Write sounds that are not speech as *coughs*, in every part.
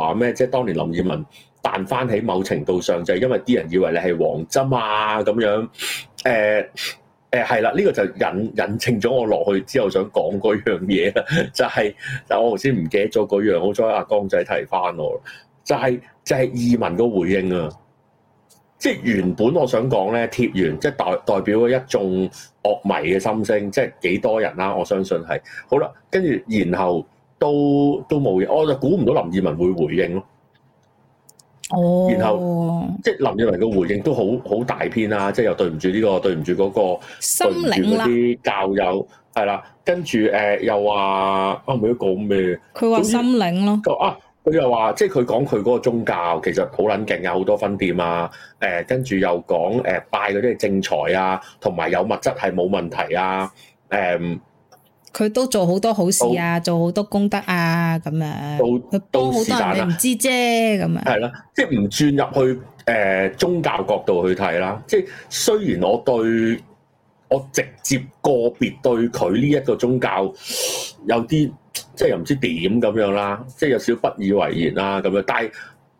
話咩？即係當年林業文彈翻起，某程度上就係因為啲人以為你係黃針啊咁樣。誒、欸、誒，係、欸、啦，呢、這個就引引證咗我落去之後想講嗰樣嘢啦，就係、是、但我頭先唔記得咗嗰樣，好彩阿江仔提翻我。就係、是、就係業問個回應啊！即係原本我想講咧，貼完即係代代表了一眾樂迷嘅心聲，即係幾多人啦、啊？我相信係好啦，跟住然後。都都冇嘢，我就估唔到林二汶會回應咯。哦，然後即係林二汶嘅回應都好好大篇啊，即係又對唔住呢個，對唔住嗰個心靈嗰啲教友係啦。跟住誒、呃、又話啊，唔好講咩，佢話心靈咯。啊，佢之、啊、又話即係佢講佢嗰個宗教其實好撚勁有好多分店啊。誒、呃，跟住又講誒、呃、拜嗰啲正財啊，同埋有，有物質係冇問題啊。誒、呃。佢都做好多好事啊，都做好多功德啊，咁樣，都好多人你唔知啫，咁啊。係啦樣，即係唔轉入去誒、呃、宗教角度去睇啦。即係雖然我對，我直接個別對佢呢一個宗教有啲，即係又唔知點咁樣啦，即係有少不以為然啦、啊、咁樣。但係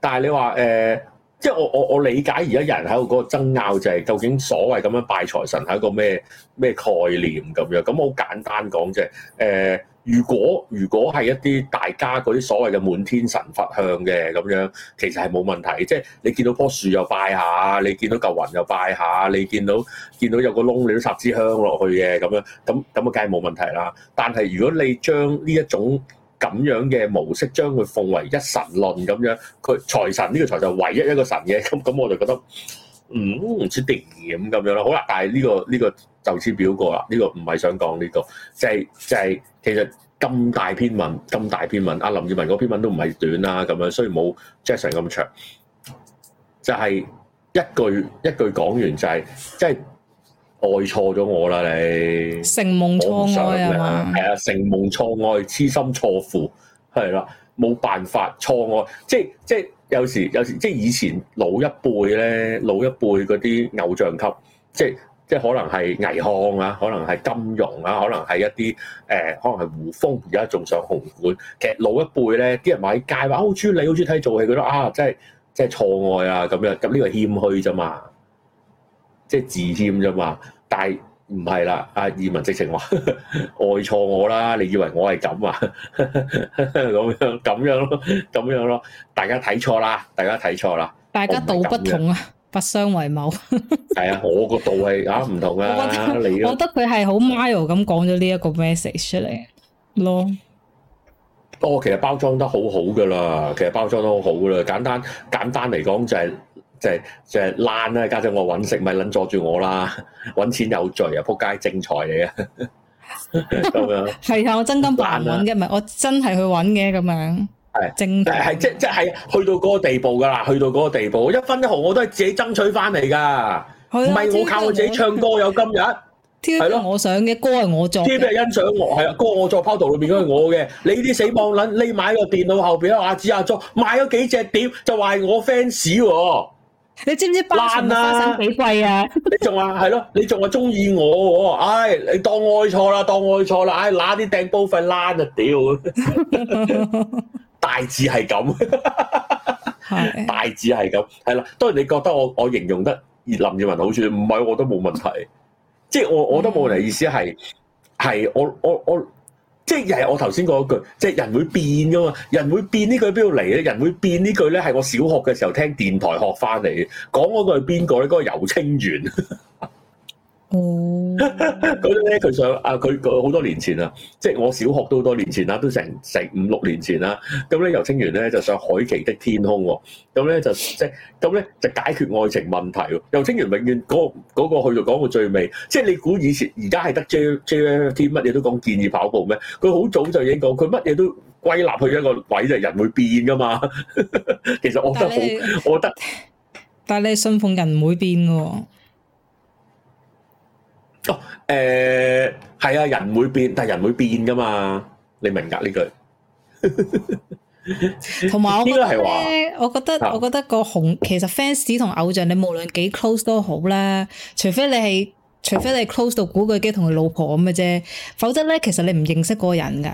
但係你話誒。呃即係我我我理解而家有人喺度嗰個爭拗就係究竟所謂咁樣拜財神係一個咩咩概念咁樣？咁好簡單講啫。誒、呃，如果如果係一啲大家嗰啲所謂嘅滿天神佛向嘅咁樣，其實係冇問題。即係你見到樖樹又拜下，你見到嚿雲又拜下，你見到見到有個窿你都插支香落去嘅咁樣，咁咁啊梗係冇問題啦。但係如果你將呢一種，咁樣嘅模式，將佢奉為一神論咁樣，佢財神呢個財就唯一一個神嘅咁咁，我就覺得唔唔似第二咁咁樣啦。好啦，但係呢個呢個就此表過啦。呢個唔係想講呢個，就係就係其實咁大篇文咁大篇文啊，林二汶嗰篇文都唔係短啊，咁樣雖然冇 Jackson 咁長，就係一句一句講完就係即係。就是愛錯咗我啦，你成夢錯愛係嘛？係啊吧，成夢錯愛，痴心錯付，係啦，冇辦法錯愛。即係即係有時，有時即係以前老一輩咧，老一輩嗰啲偶像級，即係即係可能係倪匡啊，可能係金庸啊，可能係一啲誒、呃，可能係胡楓而家仲上紅館。其實老一輩咧，啲人話喺街話，哦，中你好中意睇做戲，覺得啊，即係即係錯愛啊咁樣。咁呢個謙虛啫嘛。即係自謙啫嘛，但係唔係啦，阿二汶直情話，愛錯我啦，你以為我係咁啊？咁樣咁樣咯，咁樣咯，大家睇錯啦，大家睇錯啦，大家道不，不同啊，不相為謀。係 *laughs* 啊，我個道係啊唔同啊，我覺得佢係好 mild 咁講咗呢一個 message 出嚟咯。得出咯哦，其實包裝得好好噶啦，其實包裝得好好噶啦，簡單簡單嚟講就係、是。就係、是、就係爛啦！家姐，我揾食咪撚阻住我啦！揾錢有罪啊！撲街正財嚟啊！咁樣係啊！我真金白銀揾嘅，咪，我真係去揾嘅，咁樣係正係即即係去到嗰個地步噶啦，去到嗰個地步，一分一毫我都係自己爭取翻嚟㗎，唔係的我靠我自己唱歌有今日係咯。我想嘅歌係我作，啲咩欣賞我係啊？歌我作。p o d 裏邊都係我嘅。你啲死網撚，你買個電腦後邊阿子阿作，買咗幾隻碟，就話我 fans 喎。你知唔知包生生幾貴啊？你仲話係咯，你仲話中意我，唉，你當愛錯啦，當愛錯啦，唉，嗱啲訂煲費爛啊，屌， *laughs* 大致係咁，Okay. 大致係咁，係啦，當然你覺得我我形容得林二汶好啲，唔係我都冇問題，嗯、即係我我都冇人意思係，係我我我。我我即係又係我頭先講嗰句，即係人會變噶嘛，人會變呢句邊度嚟咧？人會變呢句咧係我小學嘅時候聽電台學翻嚟，講嗰句係邊個咧？嗰、嗰個游清源。 *laughs* 哦，咁咧佢上啊，佢佢好多年前啦，即係我小學都好多年前啦，都成成五六年前啦。咁咧游清源咧就上《海琪的天空》咁咧就即係咁咧就解決愛情問題。游清源永遠嗰嗰個去到講到最尾，即係你估以前而家係得 j j 天，乜嘢都講建議跑步咩？佢好早就已經講，佢乜嘢都歸納去一個位就係。人會變噶嘛？其實我覺得好，我覺得，但係你信奉人唔會變噶、哦。哦，誒、欸，係啊，人會變，但係人會變噶嘛，你明唔明呢句？同埋我應該係我覺得，我覺得個紅其實 fans 同偶像，你無論幾 close 都好啦，除非你係，除非你 close 到古巨基同佢老婆咁嘅啫，否則咧，其實你唔認識個人噶，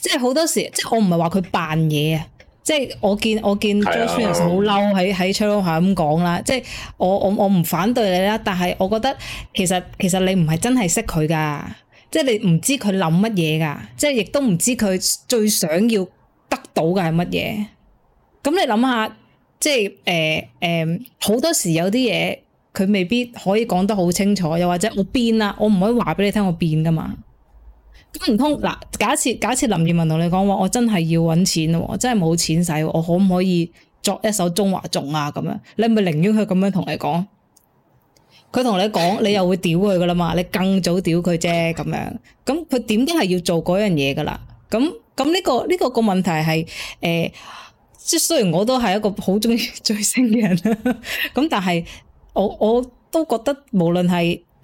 即係好多時，即係我唔係話佢扮嘢啊。即係我見我見 Josephine 好嬲喺喺 Twitter 下咁講啦，即係我我我唔反對你啦，但係我覺得其實其實你唔係真係識佢㗎，即係你唔知佢諗乜嘢㗎，即係亦都唔知佢最想要得到嘅係乜嘢。咁你諗下，即係誒誒好多時有啲嘢佢未必可以講得好清楚，又或者我變啦，我唔可以話俾你聽我變噶嘛。咁唔通嗱？假設假設林二汶同你講話，我真係要揾錢咯，我真係冇錢使，我可唔可以作一首《中華頌》啊？咁樣，你係咪寧願佢咁樣同你講，佢同你講，你又會屌佢噶啦嘛？你更早屌佢啫咁樣。咁佢點都係要做嗰樣嘢噶啦？咁咁呢個呢個、個問題係誒、呃，即係雖然我都係一個好中意追星嘅人咁 *laughs* 但係我我都覺得無論係。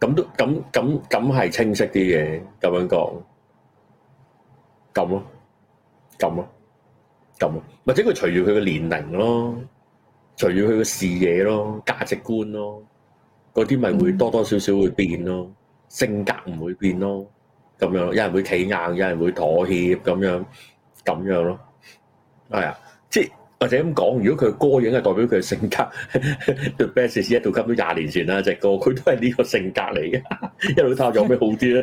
咁都咁咁咁係清晰啲嘅，咁樣講，咁咯，咁咯，咁咯，或者佢隨住佢嘅年齡咯，隨住佢嘅視野咯、價值觀咯，嗰啲咪會多多少少會變咯，性格唔會變咯，咁樣，有人會企硬，有人會妥協，咁樣，咁樣咯，係啊，即係。或者咁講，如果佢嘅歌影係代表佢嘅性格，The Best is yet to Come 都廿年前啦，隻歌佢都係呢個性格嚟嘅，一路睇下有咩好啲咧？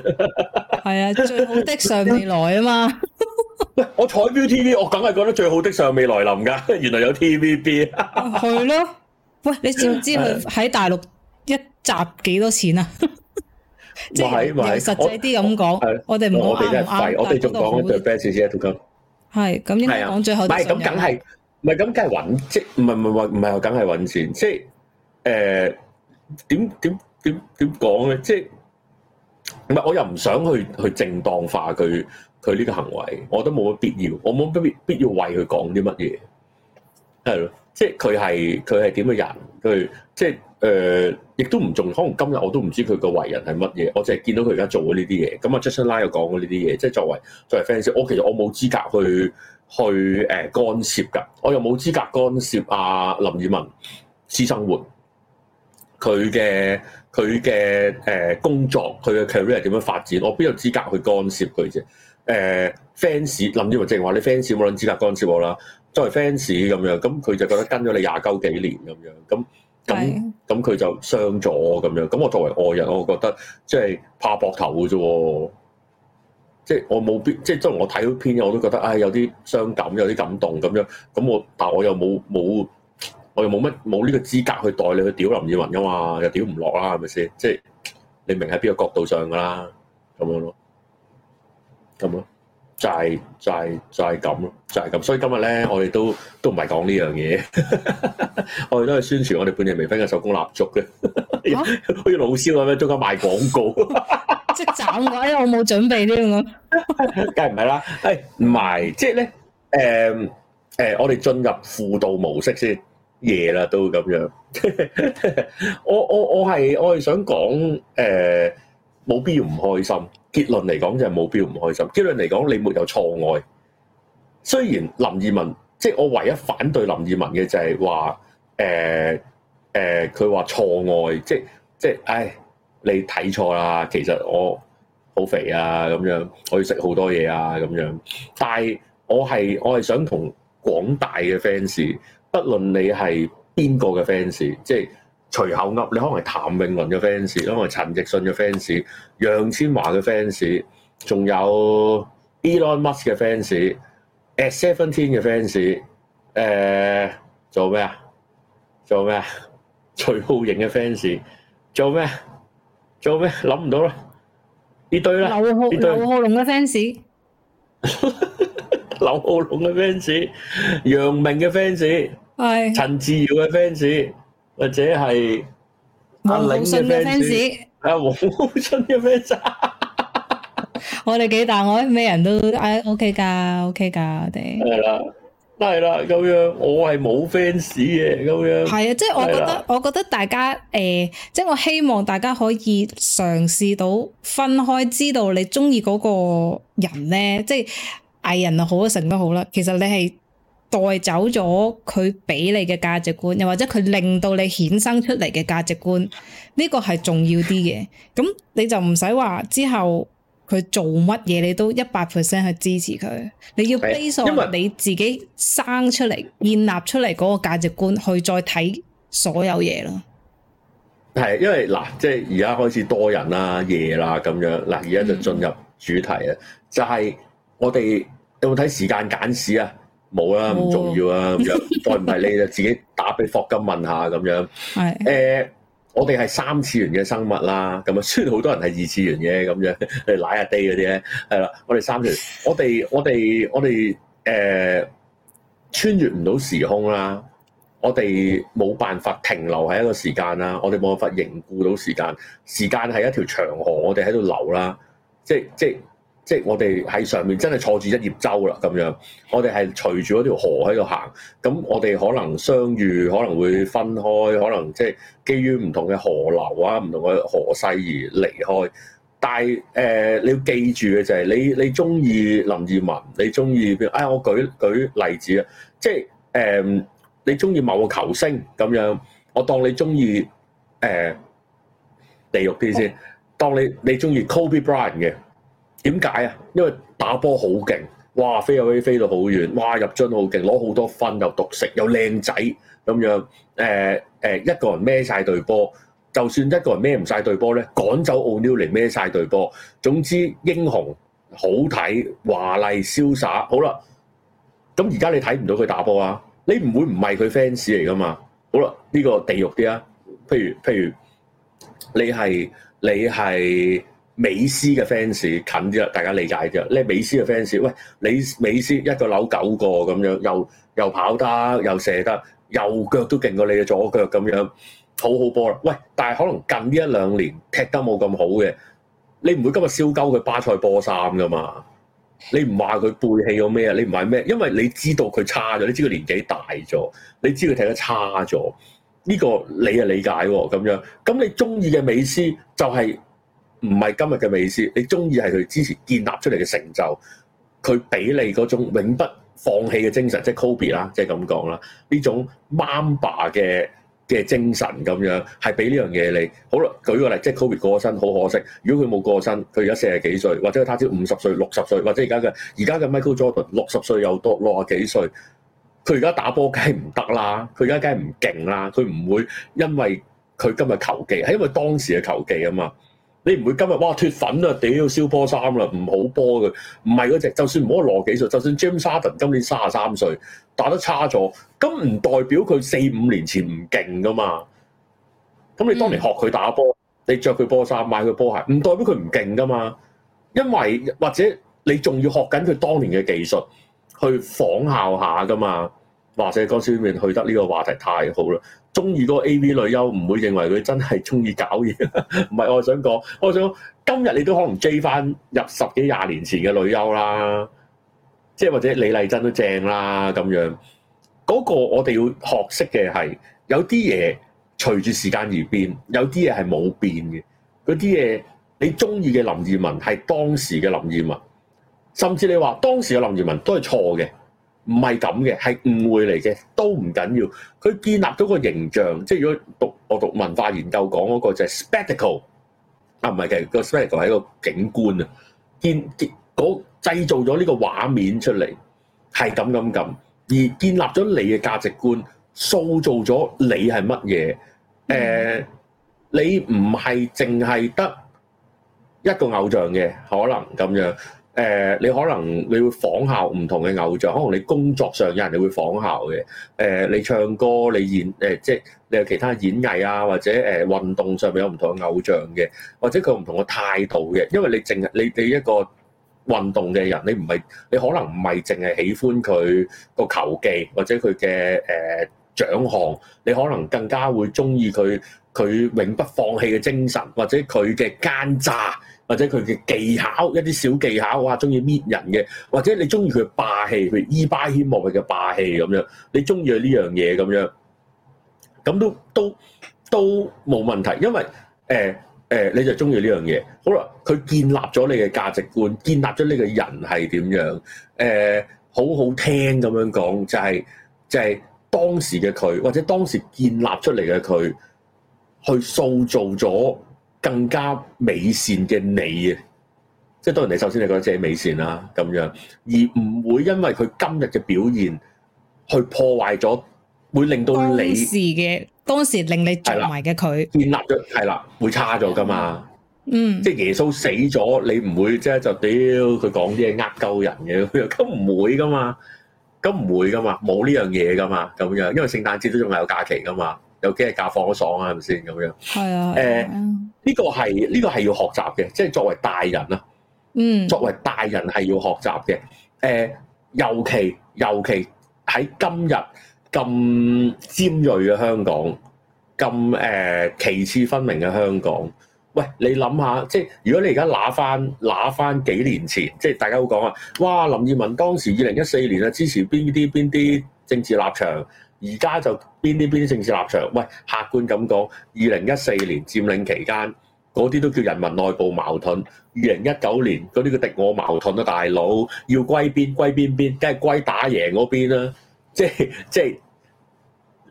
係啊，最好的尚未來啊嘛。我彩 ViuTV，我梗係覺得最好的尚未來臨㗎。原來有 TVB 啊，係咯。喂，你知唔知佢喺大陸一集幾多錢啊？即係用實際啲咁講，我哋我哋真係廢，我哋仲講 The Best is yet to come。係咁應該講，最後係咁梗係。唔係咁，梗係揾即唔係唔係唔係，梗係揾錢。即係誒點點點點講咧？即係唔係我又唔想去去正當化佢佢呢個行為，我都冇乜必要，我冇乜必要為佢講啲乜嘢。係咯，即係佢係佢係點嘅人，佢即係誒亦都唔重可能今日我都唔知佢個為人係乜嘢，我淨係見到佢而家做咗呢啲嘢。咁啊 Justin Lin 又講過呢啲嘢，即係作為作為 fans，我其實我冇資格去。去誒、呃、干涉㗎，我又冇資格干涉阿、啊、林二汶私生活，佢嘅佢嘅誒工作，佢嘅 career 點樣發展，我邊有資格去干涉佢啫？誒、呃、fans 林二汶淨係話你 fans 冇撚資格干涉我啦，作為 fans 咁樣，咁佢就覺得跟咗你廿鳩幾年咁的樣，咁咁咁佢就傷咗咁樣，咁我作為外人，我覺得即係怕膊頭嘅啫。即係我冇必即係，即係我睇篇嘢，我都覺得唉有啲傷感，有啲感動咁樣，咁我，但係我又冇冇我又冇乜冇呢個資格去代你去屌林二汶噶嘛，又屌唔落啦，係咪先？即係你明喺邊個角度上噶啦，咁樣咯，咁咯。就係就係就係咁咯，就係、是、咁、就是就是。所以今日咧，我哋都都唔係講呢樣嘢， *laughs* 我哋都係宣傳我哋半夜微醺嘅手工蠟燭嘅， *laughs* 啊、 *laughs* 好似老蕭咁樣中間賣廣告， *laughs* 即係斬我，因為我冇準備呢樣咁。梗係唔係啦，誒唔係，即係咧，誒、就、誒、是呃呃呃，我哋進入輔導模式先，夜啦都咁樣。 *laughs* 我我我係我係想講，誒、呃，冇必要唔開心。結論嚟講就係目標唔開心。結論嚟講，你沒有錯愛。雖然林二汶，即係我唯一反對林二汶嘅就係話，誒誒，佢話錯愛，即係即係，唉，你睇錯啦，其實我好肥啊，咁樣可以食好多嘢啊，咁樣。但係我係我係想同廣大嘅 fans，不論你係邊個嘅 fans，即係。隨口噏，你可能係譚詠麟嘅 fans，可能係陳奕迅嘅 fans，楊千嬅嘅 fans，仲有 Elon Musk 嘅 fans，At Seventeen 嘅 fans，誒，做咩啊？做咩啊？徐濠縈嘅 fans，做咩？做咩？諗唔到啦！呢對啦，呢堆劉浩龍嘅 fans，劉浩龍嘅 fans，楊明嘅 fans，係，陳自瑤嘅 fans。或者係黃浩信嘅 fans，啊黃浩信嘅 fans， *laughs* 我哋幾大愛，咩人都都、哎、OK 噶，OK 噶，我哋係啦，係啦，咁樣我係冇 fans 嘅，咁樣係啊，即係、就是、我覺得，了我覺得大家即係、呃就是、我希望大家可以嘗試到分開，知道你中意嗰個人咧，即、就、係、是、藝人啊，好啊，成都好啦，其實你係。帶走咗佢俾你嘅價值觀，又或者佢令到你衍生出嚟嘅價值觀，呢個係重要啲嘅。咁你就唔使話之後佢做乜嘢，你都一百 percent 去支持佢。你要 base on 你自己生出嚟、因為 建立出嚟嗰個價值觀去再睇所有嘢咯。係，因為嗱，即係而家開始多人啦、夜啦咁樣。嗱，而家就進入主題啊，就係我哋有冇睇時間簡史啊？冇啦，唔重要啊，咁樣再唔係你 *laughs* 就自己打俾霍金問一下咁樣。係的，誒、欸，我哋係三次元嘅生物啦，咁啊，雖然好多人係二次元嘅，咁樣，你奶日 d 嗰啲咧，係啦，我哋三次元，我哋我哋我哋誒、呃，穿越唔到時空啦，我哋冇辦法停留喺一個時間啦，我哋冇辦法凝固到時間，時間係一條長河，我哋喺度流啦，即即。即係我哋喺上面真係坐住一葉舟啦，咁樣我哋係隨住嗰條河喺度行，咁我哋可能相遇，可能會分開，可能即係基於唔同嘅河流啊、唔同嘅河勢而離開。但係、呃、你要記住嘅就係你你中意林二汶，你中意邊？哎我舉舉例子啊，即係、呃、你中意某個球星咁樣，我當你中意誒地獄啲先，當你你中意 Kobe Bryant 嘅。點解啊？因為打波好勁，哇飛又飛，飛到好遠，哇入樽好勁，攞好多分又獨食又靚仔咁樣，誒、呃、誒、呃、一個人孭晒對波，就算一個人孭唔晒對波咧，趕走奧尼爾嚟孭晒對波，總之英雄好睇，華麗瀟灑，好啦，咁而家你睇唔到佢打波啊？你唔會唔係佢 fans 嚟噶嘛？好啦，呢、呢個地獄啲啊，譬如譬如你係你係。美斯嘅 fans 近啲啦，大家理解啫。你美斯嘅 fans，喂，你美斯一個扭九個咁樣，又又跑得又射得，右腳都勁過你嘅左腳咁樣，好好波啦。喂，但係可能近呢一兩年踢得冇咁好嘅，你唔會今日燒鳩佢巴塞波衫噶嘛？你唔話佢背棄咗咩啊？你唔係咩？因為你知道佢差咗，你知佢年紀大咗，你知佢踢得差咗。呢個你啊理解喎，咁樣。咁你中意嘅美斯就係，唔係今日嘅美思，你中意係佢之前建立出嚟嘅成就，佢俾你嗰種永不放棄嘅精神，即係 Kobe 啦，即係咁講啦。呢種 Mamba 嘅嘅精神咁樣係俾呢樣嘢你。好啦，舉個例，即係 Kobe 過身好可惜。如果佢冇過身，佢而家四十幾歲，或者他朝五十歲、六十歲，或者而家嘅而家嘅 Michael Jordan 六十歲又多六十幾歲，佢而家打波梗係唔得啦，佢而家梗係唔勁啦，佢唔會因為佢今日球技係因為當時嘅球技啊嘛。你唔會今日哇脫粉啦，屌要燒波衫啦，唔好波嘅，唔係嗰隻。就算唔好攞技術，就算 James Harden 今年三十三歲，打得差咗，咁唔代表佢四五年前唔勁噶嘛？咁你當年學佢打波，嗯、你着佢波衫，買佢波鞋，唔代表佢唔勁噶嘛？因為或者你仲要學緊佢當年嘅技術，去仿效下噶嘛？或者江小面去得呢個話題太好啦～中意嗰個 A.V. 女優唔會認為佢真係中意搞嘢，唔係我想講，我想，我想今日你都可能追翻入十幾廿年前嘅女優啦，即係或者李麗珍都正啦咁樣。嗰、那個我哋要學識嘅係有啲嘢隨住時間而變，有啲嘢係冇變嘅。嗰啲嘢你中意嘅林二汶係當時嘅林二汶，甚至你話當時嘅林二汶都係錯嘅。唔係咁嘅，係誤會嚟嘅，都唔緊要。佢建立咗個形象，即係如果讀我讀文化研究講嗰個就係 spectacle 啊，唔係嘅，其實個 spectacle 係一個景觀啊，建建嗰製造咗呢個畫面出嚟係咁咁咁，而建立咗你嘅價值觀，塑造咗你係乜嘢？誒、嗯呃，你唔係淨係得一個偶像嘅，可能咁樣。呃、你可能你會仿效唔同嘅偶像，可能你工作上有人你會仿效嘅、呃。你唱歌，你演、呃、即你有其他演藝啊，或者誒、呃、運動上面有唔同嘅偶像嘅，或者佢唔同嘅態度嘅。因為你淨係你你一個運動嘅人，你唔係你可能唔係淨係喜歡佢個球技，或者佢嘅誒獎項，你可能更加會鍾意佢佢永不放棄嘅精神，或者佢嘅奸詐。或者佢嘅技巧，一啲小技巧，哇！中意搣人嘅，或者你中意佢霸氣，譬如伊巴希莫佢嘅霸氣咁樣，你中意佢呢樣嘢咁樣，咁都都都冇問題，因為誒誒、呃呃，你就中意呢樣嘢。好啦，佢建立咗你嘅價值觀，建立咗你個人係點樣？誒、呃，好好聽咁樣講，就係、是、就係、是、當時嘅佢，或者當時建立出嚟嘅佢，去塑造咗。更加美善嘅你啊，即係當然你首先你覺得自己美善啦咁樣，而唔會因為佢今日嘅表現去破壞咗，會令到你當時嘅當時令你着迷嘅佢建立咗係啦，會差咗㗎嘛，嗯，即係耶穌死咗，你唔會即係就屌佢講啲嘢呃鳩人嘅，咁樣，咁唔會㗎嘛，咁唔會㗎嘛，冇呢樣嘢㗎嘛，咁樣，因為聖誕節都仲係有假期㗎嘛。有幾日假放得爽啊？係咪先咁樣？係啊。誒，呢個係呢個係要學習嘅，即係作為大人啦。嗯。作為大人係要學習嘅。誒，尤其尤其喺今日咁尖鋭嘅香港，咁誒歧視分明嘅香港。喂，你諗下，即係如果你而家揦翻揦翻幾年前，即係大家會講啊！哇，林二汶當時二零一四年啊，支持邊啲邊啲政治立場，而家就～邊啲邊啲政治立場？喂，客觀咁講，二零一四年佔領期間嗰啲都叫人民內部矛盾；二零一九年嗰啲叫敵我矛盾啦、啊，大佬要歸邊歸邊邊，梗係歸打贏嗰邊啦、啊。即係即係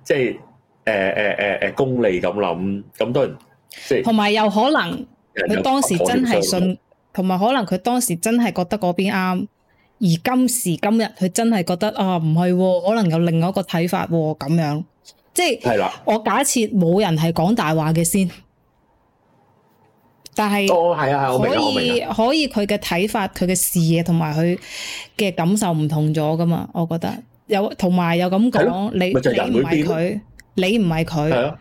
即係誒誒誒誒公理咁諗咁多即係同埋又可能佢當時真係信，同埋可能佢當時真係覺得嗰邊啱。而今時今日，佢真係覺得啊，唔係喎，可能有另外一個睇法喎、啊，咁樣即係，的我假設冇人係講大話嘅先。但係，哦，啊，係，我明，我明，可以，哦、的可以，佢嘅睇法、佢嘅視野同埋佢嘅感受唔同咗㗎嘛？我覺得有，同埋又咁講，你唔係佢，你唔係佢，而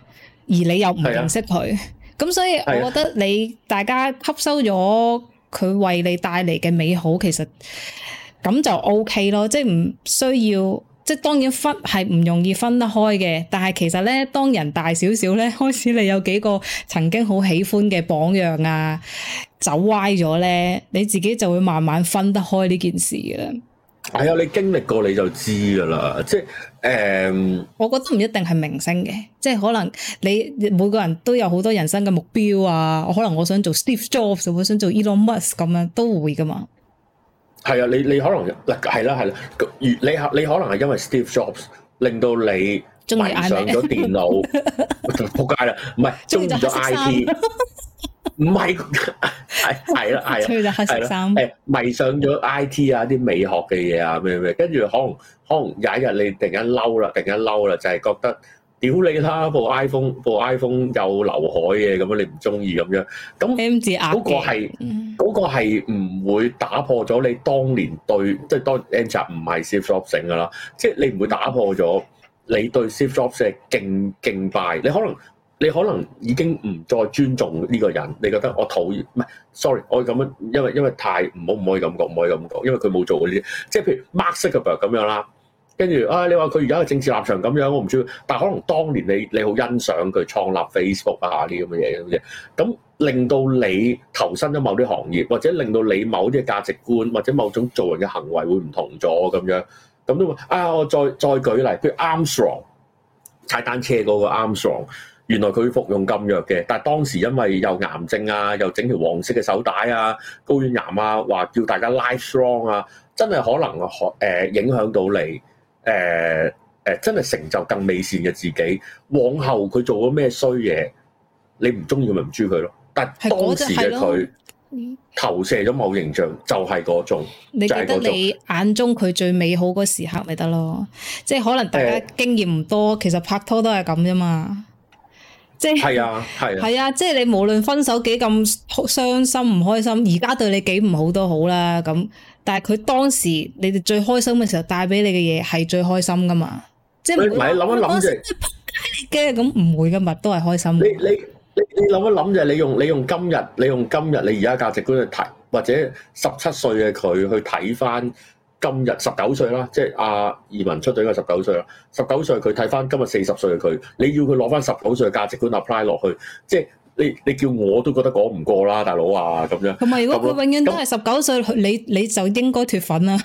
你又唔認識佢，咁的 *laughs* 所以，我覺得的你大家吸收咗佢為你帶嚟嘅美好，其實。咁就 OK 咯，即係唔需要，即係當然分係唔容易分得開嘅。但係其實咧，當人大少少咧，開始你有幾個曾經好喜歡嘅榜樣啊，走歪咗咧，你自己就會慢慢分得開呢件事嘅啦。係啊、哎，你經歷過你就知噶啦，即係誒，嗯、我覺得唔一定係明星嘅，即係可能你每個人都有好多人生嘅目標啊。可能我想做 Steve Jobs，我想做 Elon Musk 咁樣都會噶嘛。係啊，你你可能嗱，係啦係啦，越、啊啊啊、你你可能係因為 Steve Jobs 令到你迷上咗電腦，仆街啦，唔 *laughs* 係中意咗 IT，唔係係係啦係啦，係黑色衫，迷上咗 IT 啊啲美學嘅嘢啊咩咩，跟住可能可能有一日你突然間嬲啦，突然間嬲啦，就係、是、覺得。屌你啦！部 iPhone，部 iPhone 有劉海嘅，咁樣你唔中意咁樣。咁 M 字壓嘅，嗰、那個係嗰個係唔會打破咗你當年對，mm hmm. 即係當 M 字唔係 Shift Drop 整㗎啦。即 *noise* 係樂、就是、你唔會打破咗你對 Shift Drop 嘅敬敬拜。你可能你可能已經唔再尊重呢個人。你覺得我討厭唔係？Sorry 我咁樣，因為因為太唔好唔可以咁講，唔可以咁講，因為佢冇做過呢啲。即係譬如 Max Gilbert 咁樣啦。跟住啊，你話佢而家嘅政治立場咁樣，我唔知。但可能當年你你好欣賞佢創立 Facebook 啊啲咁嘅嘢，咁咁令到你投身咗某啲行業，或者令到你某啲價值觀或者某種做人嘅行為會唔同咗咁樣，咁都啊，我再再舉例，譬如 Armstrong 踩單車嗰個 Armstrong，原來佢服用禁藥嘅，但當時因為有癌症啊，又整條黃色嘅手帶啊，睾丸癌啊，話叫大家 Livestrong 啊，真係可能、呃、影響到你。誒誒、呃呃，真係成就更美善嘅自己。往後佢做咗咩衰嘢，你唔中意咪唔中意佢咯。但係當時嘅佢投射咗某形象，就係嗰種，你記得你眼中佢最美好嗰時刻咪得咯，即係可能大家經驗唔多，是的其實拍拖都係咁啫嘛。即係係啊係啊，即係你無論分手幾咁傷心唔開心，而家對你幾唔好都好啦，咁。但係佢當時你哋最開心嘅時候帶俾你嘅嘢係最開心噶嘛？以即係諗一諗啫，仆街嘅咁唔會噶嘛就，都係開心你。你你你你諗一諗就係你用你用，你用今日你用今日你而家價值觀去睇，或者十七歲嘅佢去睇翻今日十九歲啦，即係阿、啊、移民出隊嗰十九歲啦，十九歲佢睇翻今日四十歲嘅佢，你要佢攞翻十九歲嘅價值觀 apply 落去，即係。你你叫我都覺得講唔過啦，大佬啊咁樣。同埋如果佢永遠都係十九歲，樣你你就應該脫粉啦。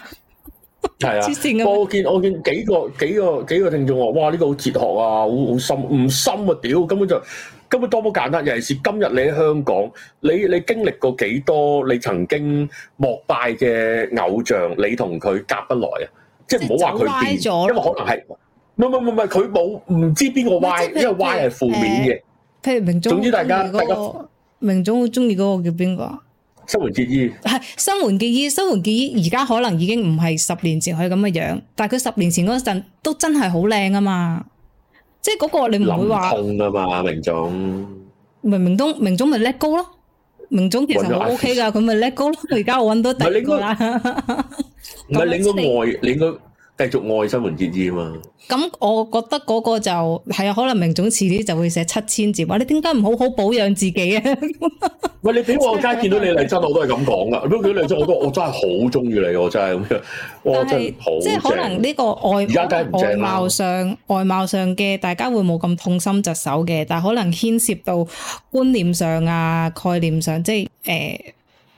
係啊，我見我見幾個幾個幾個聽眾話，哇，呢個好哲學啊，好好深，唔深啊，屌，根本就根本多冇簡單。尤其是今日你喺香港，你你經歷過幾多，你曾經膜拜嘅偶像，你同佢夾不來啊，即係唔好話佢變咗，因為可能係唔唔唔唔，佢冇唔知邊個歪，因為歪係負面嘅。譬如明總中意嗰個，明總好中意嗰個叫邊個啊？新垣結衣，係新垣結衣，新垣結衣而家可能已經唔係十年前佢咁嘅樣，但係佢十年前嗰陣都真係好靚啊嘛！即係嗰個你唔會話。痛啊嘛，明總咪明東明總咪 let go 咯，明總其實好 O K 噶，佢咪 let go 咯。佢而家我搵到第二個啦，咁拎個外，拎個。繼續愛心無止止啊嘛！咁我覺得嗰個就係啊，可能明總遲啲就會寫七千字話你點解唔好好保養自己啊？喂，你俾我而家見到你嚟真，我都係咁講噶。如果佢嚟真我都我真係好中意你，我真係咁樣，我真係即係可能呢個外而家真係外貌上外貌上嘅大家會冇咁痛心疾首嘅，但係可能牽涉到觀念上啊、概念上，即係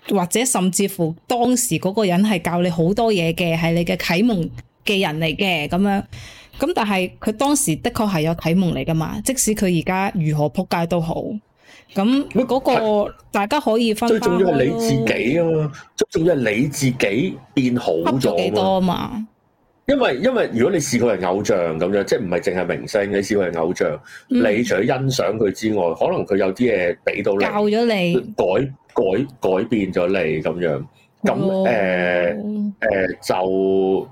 誒或者甚至乎當時嗰個人係教你好多嘢嘅，係你嘅啟蒙。嘅人嚟嘅咁樣，咁但係佢當時的確係有啟蒙嚟噶嘛，即使佢而家如何撲街都好，咁嗰個大家可以分。最重要係你自己啊，最重要係你自己變好咗幾多啊嘛。因為因為如果你視佢係偶像咁樣，即係唔係淨係明星，你視佢係偶像，嗯、你除咗欣賞佢之外，可能佢有啲嘢俾到你，教咗你，改改改變咗你咁樣。咁誒、哦呃呃、就。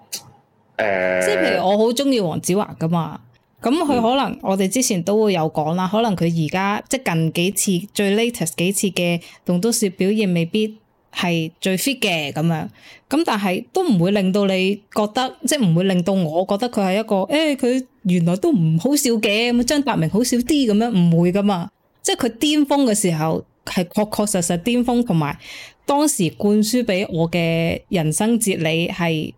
即係譬如我好中意黃子華噶嘛，咁佢可能、嗯、我哋之前都會有講啦，可能佢而家即係近幾次最 latest 幾次嘅動作戲表現未必係最 fit 嘅咁樣，咁但係都唔會令到你覺得，即係唔會令到我覺得佢係一個誒，佢、欸、原來都唔好笑嘅，張達明好笑啲咁樣，唔會噶嘛，即係佢巔峰嘅時候係確確實實巔峰，同埋當時灌輸俾我嘅人生哲理係。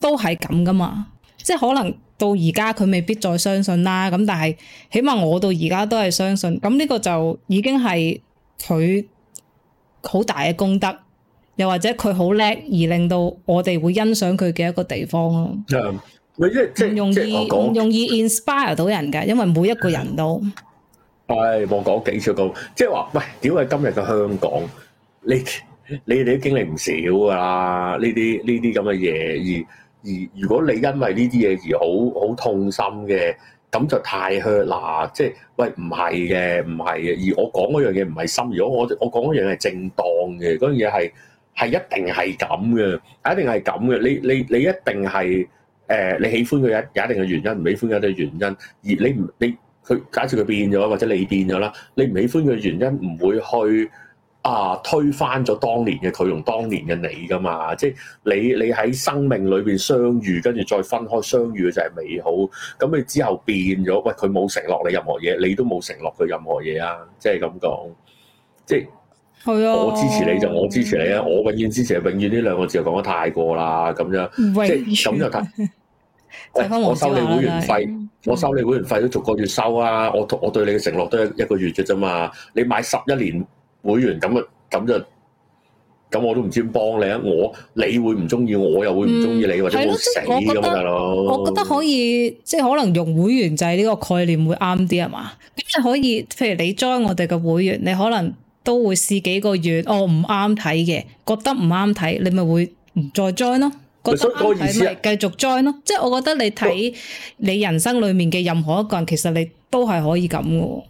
都係咁噶嘛，即係可能到而家佢未必再相信啦。咁但係起碼我到而家都係相信。咁呢個就已經係佢好大嘅功德，又或者佢好叻而令到我哋會欣賞佢嘅一個地方咯，嗯。即係唔容易唔容易 inspire 到人噶？因為每一個人都係我講幾出咁，即係話喂，屌係今日嘅香港，你你哋都經歷唔少噶啦，呢啲呢啲咁嘅嘢而。而如果你因為呢啲嘢而好好痛心嘅，咁就太 hurt 嗱，即係喂唔係嘅，唔係嘅。而我講嗰樣嘢唔係心，如果我我講嗰樣嘢係正當嘅，嗰樣嘢係係一定係咁嘅，一定係咁嘅。你你你一定係誒、呃，你喜歡嘅有一定嘅原因，唔喜歡有一定嘅原因。而你唔你佢假設佢變咗，或者你變咗啦，你唔喜歡嘅原因唔會去。啊！推翻咗當年嘅佢，同當年嘅你㗎嘛？即係你，你喺生命裏邊相遇，跟住再分開相遇就係美好。咁你之後變咗，喂，佢冇承諾你任何嘢，你都冇承諾佢任何嘢啊！即係咁講，即係係啊。我支持你就我支持你啊！我永遠支持，永遠呢兩個字就講得太過啦。咁樣即係咁就睇我收你會員費，是我收你會員費都逐個月收啊。我我對你嘅承諾都係一個月啫，咋嘛？你買十一年。會員咁啊，咁就咁我都唔知點幫你啊！我你會唔中意，我又會唔中意你，嗯、或者會死咁、就是、樣大佬。我覺得可以，即係可能用會員制呢個概念會啱啲吖嘛？咁你可、就是、可、可以，譬如你 join 我哋嘅會員，你可能都會試幾個月，哦唔啱睇嘅，覺得唔啱睇，你咪會唔再 join 咯。覺得啱睇咪繼續 join 咯。即、就、係、是、我覺得你睇我你人生裏面嘅任何一個人，其實你都係可以咁嘅。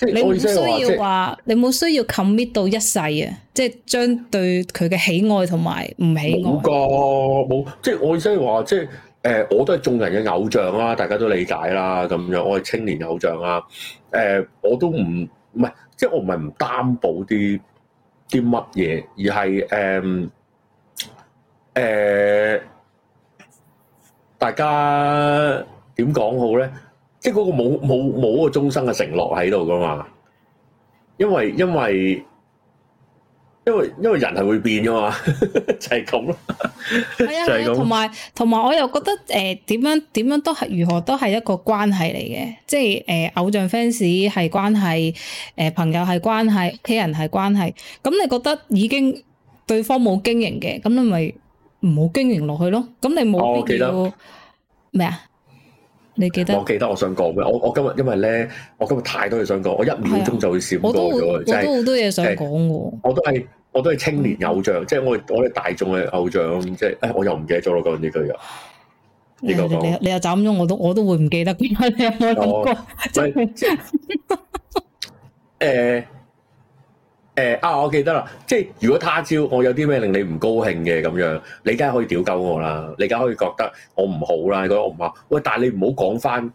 你唔需要話，你冇需要 commit 到一世啊！即係將對佢嘅喜愛同埋唔喜愛冇噶，冇！即係我意思係話，即係誒、呃，我都係眾人嘅偶像啦、啊，大家都理解啦，咁樣我係青年偶像啦、啊，誒、呃，我都唔唔係，即係我唔係唔擔保啲啲乜嘢，而係誒誒，大家點講好咧？即係嗰個冇冇冇個終生嘅承諾喺度噶嘛？因為因為因為因為人係會變噶嘛，就係咁咯。係啊，同埋同埋我又覺得誒，點樣點樣都係如何都係一個關係嚟嘅。即係誒，偶像 fans 係關係，誒朋友係關係，屋企人係關係。咁你覺得已經對方冇經營嘅，咁你咪唔好經營落去咯。咁你冇必要咩啊？你記得？我記得我，我想講咩？我我今日因為咧，我今日太多嘢想講，我一秒鐘就會閃過咗，即係好多好多嘢想講喎。我都係、即係、我都係、呃、青年偶像，即係、嗯、我我哋大眾嘅偶像，即係誒我又唔記得咗咯。講呢句呀，呢個你又你又斬咗，我都我都會唔記得嘅，你有冇講過即係。誒。誒、哎、啊！我記得啦，即如果他朝我有啲咩令你唔高興嘅咁樣，你梗係可以屌鳩我啦，你梗係可以覺得我唔好啦，你覺得我唔好。喂！但你唔好講翻，